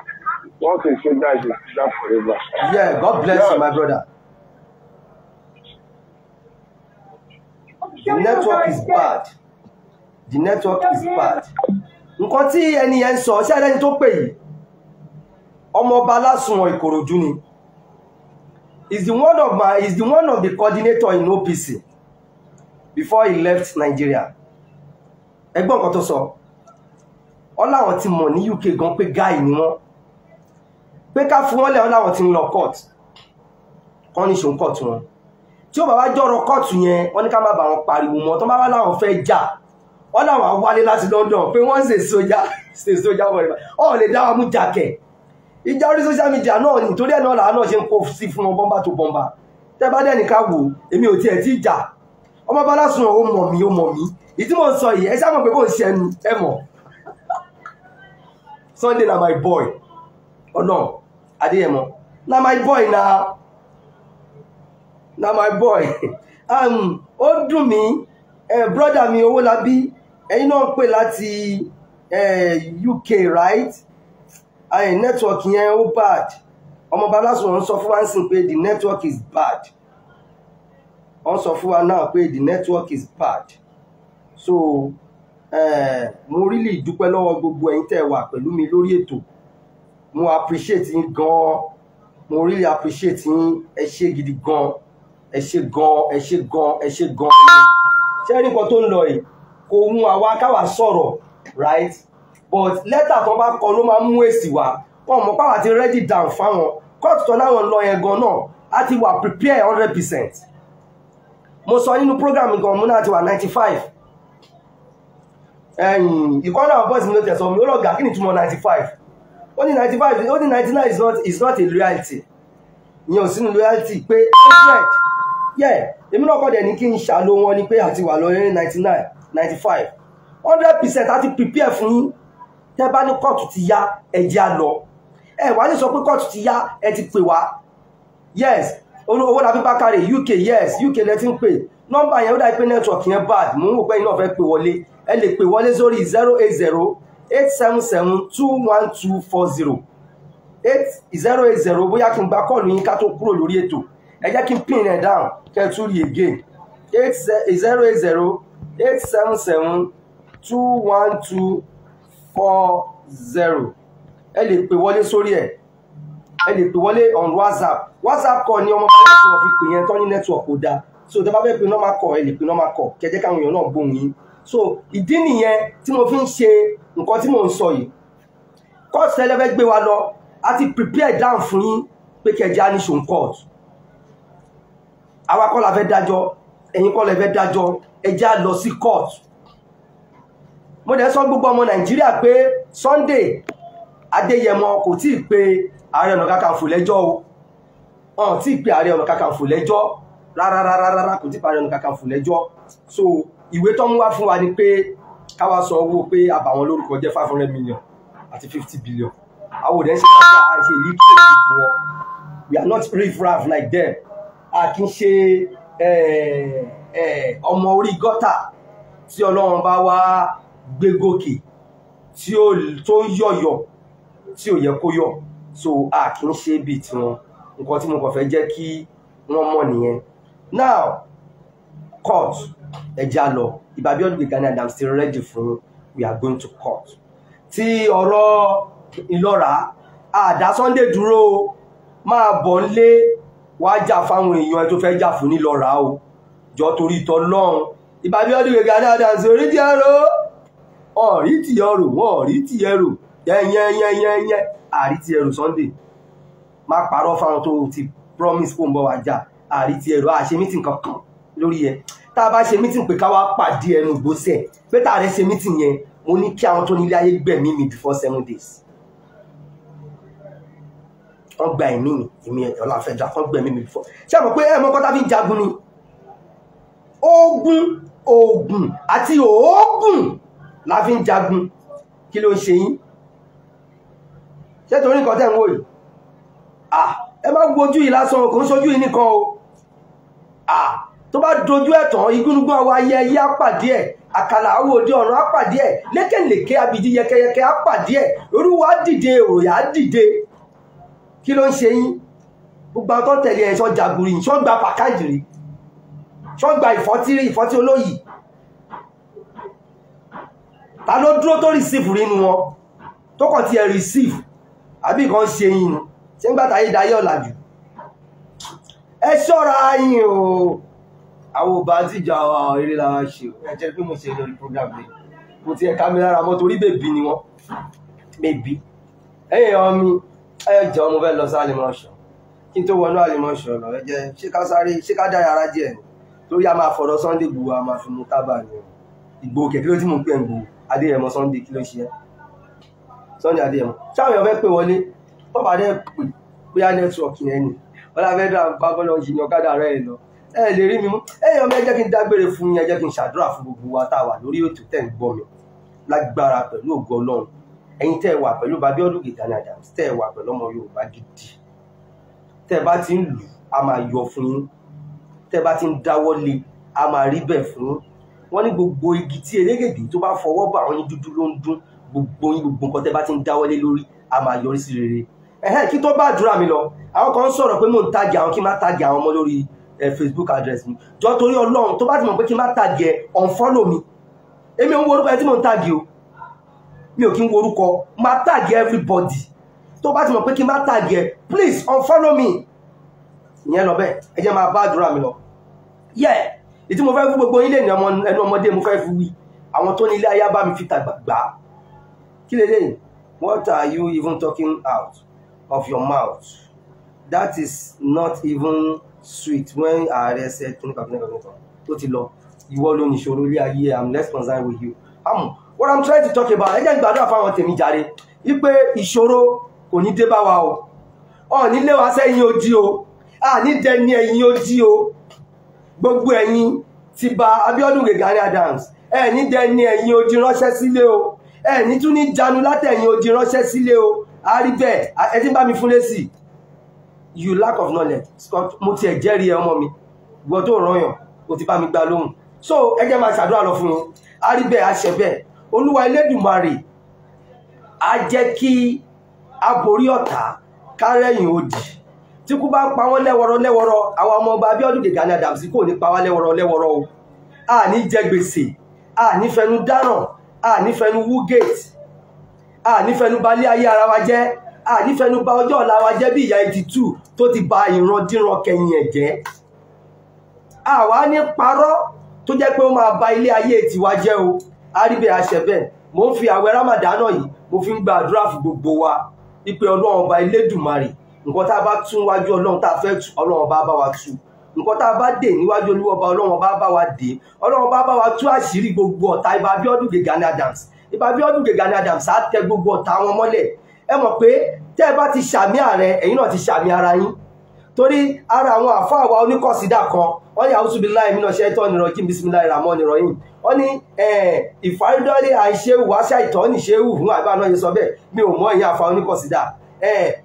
wọ́n sì sójà ṣe sójà forever. yeah God bless you my brother. The network is bad. The network is bad nǹkan tí ẹni yẹn ń sọ sí ẹni tó pè yìí ọmọọba lásùnwọ̀n ìkòròdú ni is the one of my is the one of the coordinator in OPC before he left Nigeria ẹgbọ́n nǹkan tó sọ ọ láwọn ti mọ̀ ní UK gan pé guy ni wọ́n pé ká fún wọn lẹ́wọ́n láwọn ti ń lọ court kọ́ ní ṣòun court wọn tí ó bá wá jọ̀rọ̀ court yẹn wọ́n ní ká má bá wọn pariwo mọ́ tó bá wá láwọn fẹ́ jà wọ́n náà wàá wálé láti London pé wọ́n ṣe sójà ṣe sójà wọ̀rẹ́ ọ̀ lè dá wa mú jàkẹ́ ìjà orí social media náà ni torí ẹ̀ náà làá náà ṣe ń kó sí fún wọn bọ́mbà tó bọ́mbà tẹ́ bá dẹ̀ nìkan wò èmi ò tiẹ̀ tí jà ọmọ bá lásùn ó mọ̀ mí ó mọ̀ mí ìdí mò ń sọ yìí ẹ sáà mọ̀ pé kò ń ṣe ẹnu ẹ mọ̀ Sunday na my boy ọ̀nà Adéyẹmọ na my boy na na my boy um, ó dùn mí eh, brother mi Owólabí ẹ̀yin náà ń pè láti eh, UK right ẹ̀yin network yẹn ó bad ọmọọba lásùnwọ̀n ń sọ fún wa ń pé the network is bad wọ́n sọ fún wa náà pé the network is bad so eh, mo really dúpẹ́ lọ́wọ́ gbogbo ẹ̀yin tẹ̀ wà pẹ̀lú mi lórí ètò mo appreciate yín gan-an mo really appreciate yín ẹ ṣé gidi gan-an ẹ ṣé gan-an ẹ ṣé gan-an ẹ ṣé gan-an ṣé ẹ rí nǹkan tó ń lọ yìí kò mú àwa káwa sọ̀rọ̀ right but lẹ́tà tó bá kọ ló máa ń mú èsì wá wọn mọ̀ pàwọ́ àti ready down fáwọn kóòtù tó láwọn lọ yẹn gan náà á ti wà prepare hundred percent mo sọ nínú program gan mú náà ti wà ninety five ìkọ́nà àwọn boys mi ló tẹ̀sán mi ó lọ́ọ́ gà kí ni túmọ̀ ninety five ó ní ninety five ó ní ninety nine is not is not a reality ìyẹn ò sínú reality pé hundred yẹ èmi náà kọ́ dẹ̀ ní kí n ṣàlò wọn ni pé àti wà lọ́ọ́ ninety nine ninety five hundred percent a ti prepare fún yín tẹ́ bá ní kóòtù ti yá ẹ̀jẹ̀ á lọ ẹ wá ní sọ pé kóòtù ti yá ẹ ti pè wá yes owó làbí bákàrè uk yes uk lẹ ti ń pè nọ́mbà yẹn ó dà pé network yẹn bad mò ń wò pé yín náà fẹ́ pè wọlé ẹ lè pè wọlé sórí zero eight zero eight seven seven two one two four zero eight zero eight zero bóyá kí n gba kọ́ọ̀lù yín ká tó kúrò lórí ètò ẹ jẹ́ kí n pin ẹ̀ down kẹ́ ẹ rí again eight zero eight zero eight seven seven two one two four zero ẹ lè pè wọlé sórí ẹ̀ ẹ lè pè wọlé on whatsapp whatsapp call ni ọmọ bàbá tí wọ́n fi pè yẹn tán ní network kò dáa so tẹ́ bá fẹ́ normal call ẹ lè pè normal call kẹ́jẹ́ káwọn èèyàn náà gbóhùn yín so ìdí nìyẹn tí mo fi ń ṣe nǹkan tí mò ń sọ yìí court tẹ́lẹ̀ fẹ́ gbé wa lọ a ti prepare down fún yín pé kẹjá ní ṣòun court àwa kọ́ la fẹ́ dájọ́ ẹ̀yin kọ́ la fẹ́ dájọ́ ẹjẹ́ á lọ sí court mo dẹ̀ sọ gbogbo ọmọ nàìjíríà pé Sunday Adéyẹmọ kò tí ì pe ààrẹ ọ̀nà kakanfò lẹ́jọ́ o wọn tí ì pe ààrẹ ọ̀nà kakanfò lẹ́jọ́ rárárárá kò tí ì pe ààrẹ ọ̀nà kakanfò lẹ́jọ́ so ìwé tó ń wá fún wa ni pé káwa sọ owó pé àbàwọn lórúkọ jẹ́ five hundred million àti fifty billion àwọn òdẹ́ ṣe láti èyí kí èyí fún wọn we are not riff raff like them a kì í ṣe ẹ̀ẹ́. Eh, ọmọ orí gọ́tà tí ọlọ́run bá wá gbé gòkè tí ó tó ń yọ̀yọ̀ tí ò yẹ kó yọ̀ so a kì í ṣe bíi tiwọn nǹkan tí mo kàn fẹ́ jẹ́ kí wọ́n mọ̀ nìyẹn now court ẹja lọ ìbàbí ọdún gbẹgàn adam still ready for. we are going to court tí ọ̀rọ̀ ìlọ́ra àdá Sunday dúró máa bọ̀ ń lé wàá jà fáwọn èèyàn ẹ tó fẹ́ jà fún nílọ́ra o jọ torí tọ lọ́hùn ìbàbí ọdún gbẹgà dáadáa ṣe orí tiẹ̀ rò ọ̀rí tiẹ̀ rò wọ́n ọ̀rí tiẹ̀ rò yẹ́nyẹ́nyẹ́nyẹ́ àrí tiẹ̀ rò Sunday má parọ́ fáwọn tó ti promise kó ń bọ̀ wá jà àrí tiẹ̀ rò àṣẹ mítìn kankan lórí ẹ̀ tá a bá ṣe mítìn pé ká wá pàdé ẹnu ìgbésẹ̀ pé tá a rẹ ṣe mítìn yẹn mo ní kí àwọn tó nílé ayé gbẹ̀mí mi before seven days wọ́n gba ẹ̀mí mi èmi ọ̀làfẹ́jà kan gbẹ̀mí mi before ṣé àmọ́ pé ẹ̀ mọ́kọ́tà fi jagun ni ogun oògùn àti oògùn la fi ń jagun kí ló ń ṣe yín ṣé torí nǹkan tẹ́ ń wò yìí ẹ má gbojú yìí lásán kò ń ṣojú yìí nìkan o tó bá dojú ẹ̀tàn igúnnugún àwọn ayé ẹyẹ apàdé ẹ̀ àkàlà àwọn òde ọ̀run apàdé ẹ̀ lékèlékè abidí yẹkẹyẹkẹ apàdé ẹ̀ olúwa dìde òròyà dìde kí ló ń ṣe yín gbogbo àwọn tó tẹ̀lé ẹ̀ sọ jàgùrì ìṣọ́gba pàkájìrì ṣọ́gbà ìfọ́tírí ìfọ́tí olóyìí ta ló dúró tó receive nínú wọn tó kàn ti ẹ̀ receive àbí kan ṣe yìnyín ṣe ń gbàtà ayédáyé ọ̀làjù ẹ ṣọ́ra yìnyín o àwọn ò bá tìjà eré la ṣe ẹ jẹ́ pé mo ṣe lórí program mi kò tiẹ̀ ká mi lára mọ́ torí bèbí ni wọ́n bèbí ẹ̀yìn ọmọ ẹ jọ mo fẹ́ lọ sí àlèmọ̀ṣọ́ kí n tó wọnú àlèmọ̀ṣọ́ lọ ẹ jẹ́ ṣé ká sáré ṣé ká dára ara díẹ̀ ni torí a máa fọ̀rọ̀ Sunday Igboho a máa fi mu tábà ni Igboho kẹ̀ kí ló ti mú pé Igboho Adéyẹmọ Sunday kí ló ṣe é Sunday Adéyẹmọ sáwọn èèyàn fẹ́ pè wọlé bọ́ọ̀bà dẹ́ pè bóyá nẹ́tíwọ̀kì yẹn ni wọ́n láfẹ́ dá bábọ́lọ́ ìyìn ọ̀kadà rẹ̀ lọ ẹ lè rí mi mú ẹ̀yàn mi ẹ jẹ́ kí n dágbére fún yín ẹ jẹ́ kí n ṣàdúrà fún gbogbo wa tá a wà lórí ètò tẹ̀ ń gbọ́ mi lágbára pẹ̀lú ògo Ọlọ́run ẹ̀yin tẹ́ ẹ wà pẹ̀lú Babíọ́dún Gani Adams tẹ́ ẹ wà pẹ̀lú ọmọ Yorùbá gidi tẹ́ ẹ bá ti ń lù á máa yọ fún yín tẹ́ bá ti ń dáwọ́ lé a máa rí bẹ́ẹ̀ fún wọn ní gbogbo igi tí elégèdè tó bá fọwọ́ bà wọ́n ní dúdú ló ń dún gbogbo yín gbogbo nǹkan tẹ́ bá ti ń dáwọ́ lé lórí a máa yọrí sí rere ẹ̀hẹ́n kí tó bá àdúrà mi lọ àwọn kan sọ̀rọ̀ pé mò ń tagi àwọn kí n má tagi àwọn ọmọ lórí Facebook address mi jọ torí Ọlọ́run tó bá ti mọ̀ pé kí n má tagi ẹ̀ unfollow mi èmi ò ń wo orúkọ ẹ tí mò ń tagi o mi ò kí ń wo orúkọ má tagi everybody tó bá ti mọ̀ pé kí n má tagi ẹ please unfollow me ìyẹn lọ bẹ́ẹ̀ ẹ jẹ́ máa bá àdúrà mi lọ yẹ ìtí mo fẹ́ fún gbogbo ilé ní ẹnu ọmọdé mo fẹ́ fi wí àwọn tó ní ilé ayá bá mi fi tàgbà gbà kí lè lẹ́yìn what are you even talking out of your mouth that is not even sweet when ààrẹ ṣe kíníkà kíníkà kíníkà tó ti lọ ìwọ ló ní ìṣòro ilé ayé i'm less concerned with you àmọ́ what i'm trying to talk about ẹ jẹ́ n gbàdúrà fáwọn tèmi jàre wípé ìṣòro kò ní dé bá wa o ọ̀ nílé wa sẹ́yìn odi o à ní dẹni ẹ̀yìn odi o gbogbo ẹ̀yin ti ba Abíọ́dún Gani Adams ẹ̀yin dẹni ẹ̀yin odi ránṣẹ́ sílé o ẹ̀yin tún ní janu látẹ̀yin odi ránṣẹ́ sílé o àríbẹ̀ ẹ bá mi fún lésì you lack of knowledge mo tiẹ̀ jẹ́rìí ẹ ọmọ mi ìwọ tó rányàn o ti bá mi gba lóhùn so ẹ jẹ́ máa ṣàdúrà lọ fún yín àríbẹ̀ àṣẹbẹ̀ olúwa Elédùmarè á jẹ́ kí a borí ọ̀tá kárẹ̀yìn òdì tí kú bá pa wọ́n lẹ́wọ̀rọ̀ lẹ́wọ̀rọ̀ àwọn ọmọ ọba Abíọ́dún Gani Adams kò ní pa wá lẹ́wọ̀rọ̀ lẹ́wọ̀rọ̀ o a ní jẹ gbèsè a ní fẹnu dáràn a ní fẹnu wúgate a ní fẹnu balẹ̀ ayé ara wa jẹ́ a ní fẹnu ba ọjọ́ ọ̀la wa jẹ́ bí ìyá eighty two tó ti ba ìrandíran kẹyìn ẹ̀ àwa ní parọ́ tó jẹ́ pé ó máa ba ilé ayé tiwa jẹ́ o aribe àṣẹ̀bẹ̀ mo ń fi àwẹ̀ Ramadan yìí mo fi ń gba fún gbogbo wa ìpè Ọlọ́run ọba Elédùmarè nǹkan tá a bá tún wájú ọlọ́run tá a fẹ́ tù ọlọ́run bá bá wa tù nǹkan tá a bá dè níwájú olúwa ọba ọlọ́run bá bá wa dè ọlọ́run bá bá wa tú àṣírí gbogbo ọ̀tá ibà Abíọ́dún Gani Adams ibà Abíọ́dún Gani Adams á tẹ gbogbo ọ̀tá wọn mọ́lẹ̀ ẹ mọ̀ pé tẹ́ ẹ bá ti ṣàmì ààrẹ ẹ̀yin náà ti ṣàmì ara yín torí ara àwọn àfáà wa oníkọ̀sídà kan wọ́n ní àwùsùn bíi láì mí náà ṣe tọ́ nìrọ̀ jí bísímìlá ìràmọ́ nìrọ̀ yìí wọ́n ní ìfaridọ́lé àìṣeéwù wáṣà ìtọ́ nìṣeéwù fún àgbà náà sọ bẹ́ẹ̀ mi ò mọ ìyá àfáà oníkọ̀sídà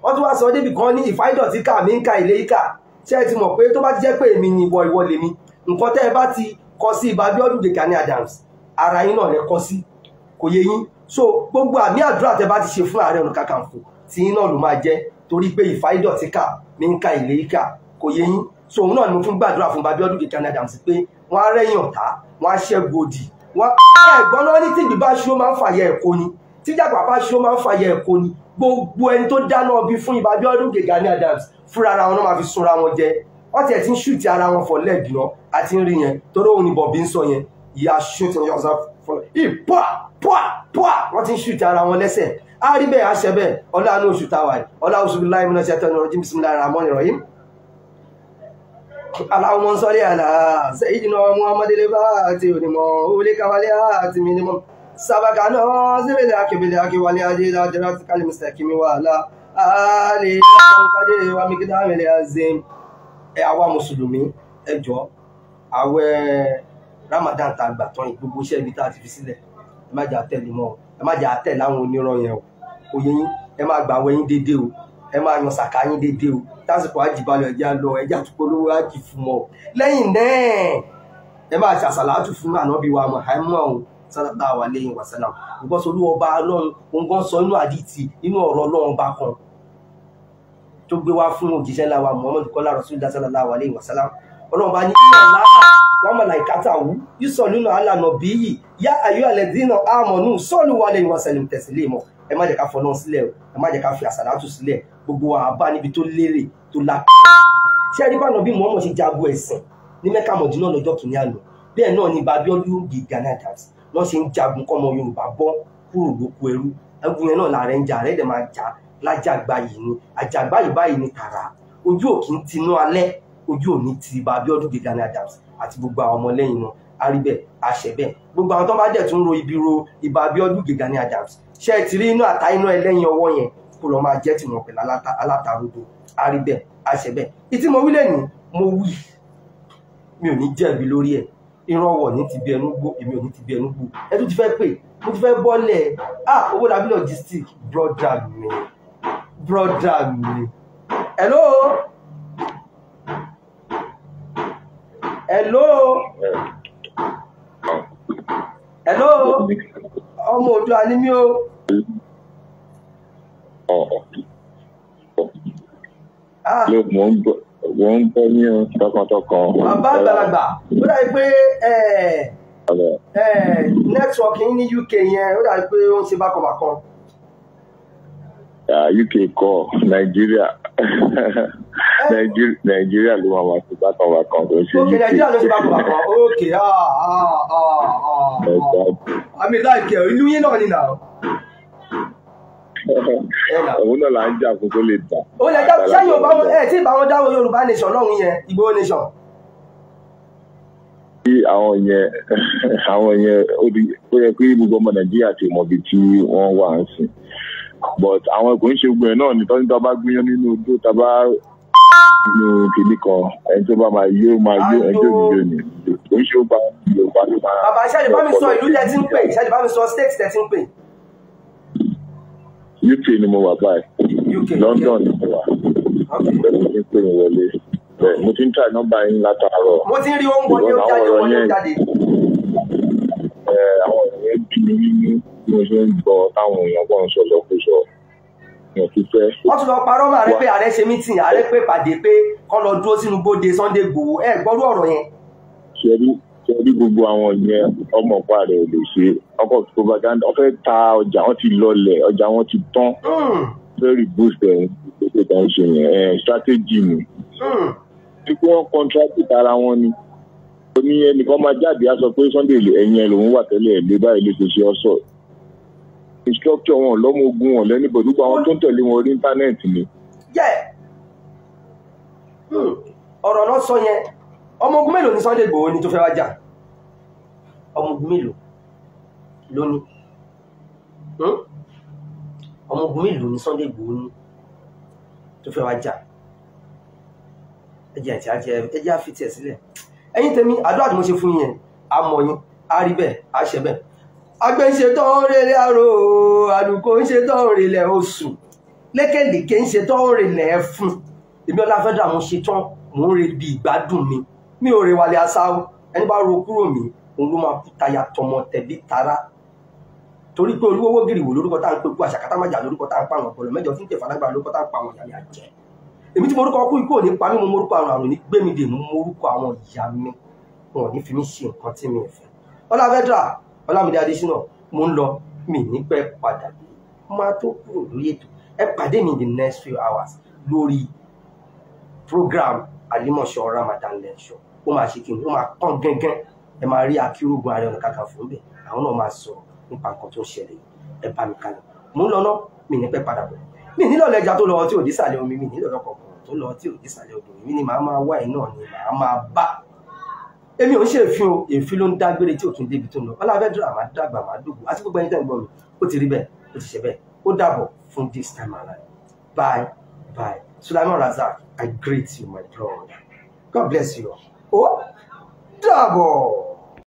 wọ́n tún wá sọ débi kan ní ìfáìdọ̀tí kà mí ń ka ilé ìkà ṣé ẹ ti mọ̀ pé tó bá ti jẹ́ pé èmi ni ìwọ ìwọ lèmi nǹkan tẹ́ ẹ bá ti kọ sí ibà Abíọ́dún Gani Adams ara yín náà lẹ kọ sí kò yé yín so gbogbo àmì àdúrà tẹ́ bá ti ṣe fún Ààrẹ Ọ̀nà Kakanfò tí yín náà ló máa jẹ́ torí pé ìfáìdọ̀tí kà mí ń ka ilé ìkà kò yé yín so òun náà ni mo tún gbàdúrà fún Abíọ́dún Gani Adams pé wọ́n á rẹ́yìn ọ̀tá wọ́n á ṣẹ́gun òdì wọ́n á ẹ̀gbọ́n náà ní tí ìgbì bá ṣó máa ń fàyẹ ẹ̀kọ́ ni tíjàpá bá ṣó máa ń fàyẹ ẹ̀kọ́ ni gbogbo ẹni tó dáná ọbí fún ibà Abíọ́dún Gani Adams fúnra ara wọn náà máa fi súnra wọn jẹ wọ́n tiẹ̀ ti ń ṣùtì ara wọn for leg náà àti ń rí yẹn torí òun ni bọ̀bí ń sọ yẹn ìyá ṣùtì yourself for leg yìí pọ́à pọ́à pọ́à wọ́n ti ń ṣùtì ara wọn lẹ́sẹ̀ á rí bẹ́ẹ̀ àṣẹ bẹ́ẹ̀ ọlá àánú oṣù táwa yìí ọlá oṣù bíi láìmínà ṣe tẹnu ọ̀rọ̀ jíìmísí lára àmọ́ ìrọ̀ yìí. aláwọ̀ sọ́rí àlà sẹ́yìn náà ọmọ ọmọdé lè bá àti òdìmọ̀ òwúlé káwálé àti mínímọ̀ سبق نوز بالحق بالحق والهدي إلى صراطك المستقيم وعلى آله وقدر ومقدام العظيم ẹ àwa mùsùlùmí ẹ jọ àwẹ̀ Ramadan tá a gbà tán gbogbo iṣẹ́ ibi tá a ti fi sílẹ̀ ẹ má jà tẹ̀lé mọ́ ẹ má jà tẹ̀lé àwọn onírọ̀ yẹn o òye yín ẹ máa gbà àwẹ̀ yín déédéé o ẹ máa yan sàkà yín déédéé o tásìkò àjìbalẹ ẹjá lọ ẹjá tó polówó àjì fún ọ lẹ́yìn náà ẹ máa ṣàṣàlátù fún ànábì wa Muhammad sallallahu alayhi wa sallam because olúwa ọba ọlọ́run òǹgàn sọ inú àdìtì inú ọ̀rọ̀ ọlọ́run bá kan tó gbé wá fún òjíṣẹ́ láwa muhammed kọ́lá rasulillah sallallahu alayhi wa sallam ọlọ́run bá ní ìyá láhà wọn mọ̀ láì kátà wú yìí nínú àlànà bí yìí yá ayọ́ àlẹ́dínà àmọ̀nù sọ́ọ̀lù wa alayhi wa sallam tẹ̀sílẹ̀ mọ́ ẹ má jẹ́ ká fọlọ́n sílẹ̀ ẹ má jẹ́ ká fi àsàlátù sílẹ̀ gbogbo wa bá níbi tó lérè tó lápẹ́ tí ẹni bá nà bí muhammed ṣe jagun ẹ̀sìn ní mẹ́kà mọ̀dínà lọ́jọ́ kìnìún àná bẹ́ẹ̀ náà ni babiolu di ghana dance lọ́ ṣe ń jagun kọ́mọ yorùbá bọ́ kúrò lóko ẹrú ẹgbẹ́ yẹn náà lára ń jà rẹ̀ dẹ̀ máa jà lájàgbá yìí ni àjàgbá yìí báyìí ni tààrà ojú òkì ń tinú alẹ́ ojú òní ti ba Abíọ́dún de Gani Adams àti gbogbo àwọn ọmọlẹ́yìn wọn aríbẹ̀ àṣẹbẹ̀ gbogbo àwọn tó bá dẹ̀ tún ro ibi ro ibà Abíọ́dún de Gani Adams ṣé ẹ ti rí inú àtà inú ẹlẹ́yin ọwọ́ yẹn kó lọ́ọ́ máa jẹ́ tìmọ̀ pẹ̀lú alátarodo aríbẹ̀ àṣẹbẹ̀ ìtí mo wí lẹ́nu mo wí mi ò ní jẹ̀bi lórí ẹ̀ ìrọwọ̀ ní ti bí ẹnu gbó èmi ò ní ti bí ẹnu gbó ẹ tún ti fẹ́ pè mo ti fẹ́ bọ́lẹ̀ ah owó dàbí logistics broda mi broda mi hello hello hello ọmọ òdo ànímí o. ah mo ń bọ̀ wọ́n ń bọ́ ní tọkàntọkàn. bàbá àgbàlagbà ó dàbí pé nẹ́tíwọ̀kì ní UK yẹn ó dàbí pé ó ń ṣe bákanbákan. UK kọ Nàìjíríà Nàìjíríà ló máa wàá sí bákanbákan tó ń ṣe UK. Nàìjíríà ló ṣe bákanbákan ókè àmì láìpẹ́ ìlú yín náà ni nà òun náà là ń jà kó tó lè tà. ó lè já sẹ́yìn ò bá wọn ẹ̀ tí ì bá Yorùbá nation lọ́hùn yẹn Ìgbòho nation. kí àwọn yẹn àwọn yẹn ó yẹ kí gbogbo ọmọ Nàìjíríà ti mọ ibi tí wọ́n wà ń sìn but àwọn kò ń ṣe gbogbo ẹ̀ náà ní tọ́jú tó bá gbìyàn nínú ojú tá a bá nínú kìlí kan ẹni tó bá máa yó máa yó ẹjọ́ ìjọ ni kò ń ṣe ó Yorùbá ló máa. bàbá ṣáàjú sọ ìlú tẹ́tí ń pè ṣáàjú sọ state tẹ́tí ń pè. UK ni mo wà báyìí London ni mo wà pẹ̀lú mi pé mi wọlé bẹ́ẹ̀ mo ti ń tà nọ́mbà yín látàárọ̀ mo ti ń rí oúnjẹ ní ọjà yẹn wọlé jáde. àwọn èèyàn bí mi nínú bí mo ṣe ń gbọ́ táwọn èèyàn bọ́ ń sọ lọ́kùsọ èèyàn ti fẹ́. wọ́n tún lọ parọ́ mọ́ àrẹ pé ààrẹ ṣe mítìn ààrẹ pé pàdé pé kọ́ lọ dúró sínú gbòde Sunday Igboho ẹ̀ gbọ́dọ̀ ọ̀rọ̀ yẹn. ṣe torí gbogbo àwọn yẹn ọmọ ọ̀pá rẹ̀ ò lè ṣe ọkọ̀ propaganda wọ́n ta ọjà wọn ti lọlẹ̀ ọjà wọn ti tán very hmm. boost ẹ̀ ṣe kàn ṣe yẹn strategy ni tí pé wọ́n contract ara wọn ni ó ní ẹnìkan máa jáde á sọ pé Sunday ẹ̀yìn ẹ̀ lòun wà tẹ́lẹ̀ ẹ̀ báyìí ló ṣe ṣe ọ̀ṣọ́ instructor wọn lọ́mọ ogun wọn lẹ́nu bọ̀ gbogbo àwọn tó ń tẹ̀lé wọn orí íńtánẹ́ẹ̀tì ni. Hmm. ọ̀rọ̀ náà sọ yẹn ọmọ ogun mélòó ni Sunday Igboho ní tó fẹ́ wá jà ọmọ ogun mélòó ló ní hmm? ọmọ ogun mélòó ni Sunday Igboho ní tó fẹ́ wá jà ẹjẹ àti àjẹ ẹjẹ àfitì ẹ sílẹ̀ ẹ̀yin tèmi àdúrà tí mo ṣe fún yín a mọ̀ yín a rí bẹ́ẹ̀ a ṣe bẹ́ẹ̀ agbẹ́ ń ṣe tán rẹ̀lẹ̀ àrò àdùkò ń ṣe tán rẹ̀lẹ̀ oṣù lékèlèké ń ṣe tán rẹ̀lẹ̀ ẹ̀fún èmi ọlá fẹ́ ń re bí ìgbádùn mi mi ò rè wàlẹ̀ àṣàwò ẹni bá ro kúrò mí òun ló máa kú taya tọmọ tẹ̀bí tara torí pé olúwọ́wọ́ gèrè wò lórúkọ tá à ń pe ikú àṣàkátà májà lórúkọ tá à ń pa àwọn ọ̀pọ̀lọ mẹ́jọ tí ń lórúkọ tá à ń pa àwọn ìyá mi àjẹ́ èmi tí mo rúkọ kú ikú òní pa mí mo morúkọ àrùn àrùn ní gbẹ̀mídè mo morúkọ àwọn ìyá mi wọn ò ní fi mí ṣe nǹkan tí mi ò fẹ́ ọlàfẹ́dà ọlámídé adésínà mo ń lọ mi ní pẹ́ padà dé máa tó kúrò lórí ètò ẹ pàdé mi the next few hours lórí program alimọ̀ṣọ́ ramadan lecture ó máa ṣe kí n ó máa tán gángan ẹ máa rí akérògùn ààrẹ ọ̀nà kakanfò ńbẹ̀ àwọn náà máa sọ̀rọ̀ nípa nǹkan tó ń ṣẹlẹ̀ ẹ bá mi kalẹ̀ mò ń lọ́nà mi ní pẹ́ padà bọ̀ mi nílò lẹ́jà tó lọ tí ò nísàlẹ̀ omi mi nílò lọ́kọ̀ tó lọ tí ò nísàlẹ̀ omi mi ni màá máa wá ẹ̀ náà ni màá máa bá èmi ò ń ṣe èéfín o èéfín ló ń dágbére tí ò tún débi tó ń lọ ọlábẹ́dúrà máa dàgbà máa dògbò àti gbogbo ẹni tẹ́ ń gbọ́ mi ó ti rí bẹ́ẹ̀ ó ti ṣe bẹ́ẹ̀ ó dàbọ̀ fún this time around bye bye Sulaiman Razak I greet you my brother God bless you 哦，double。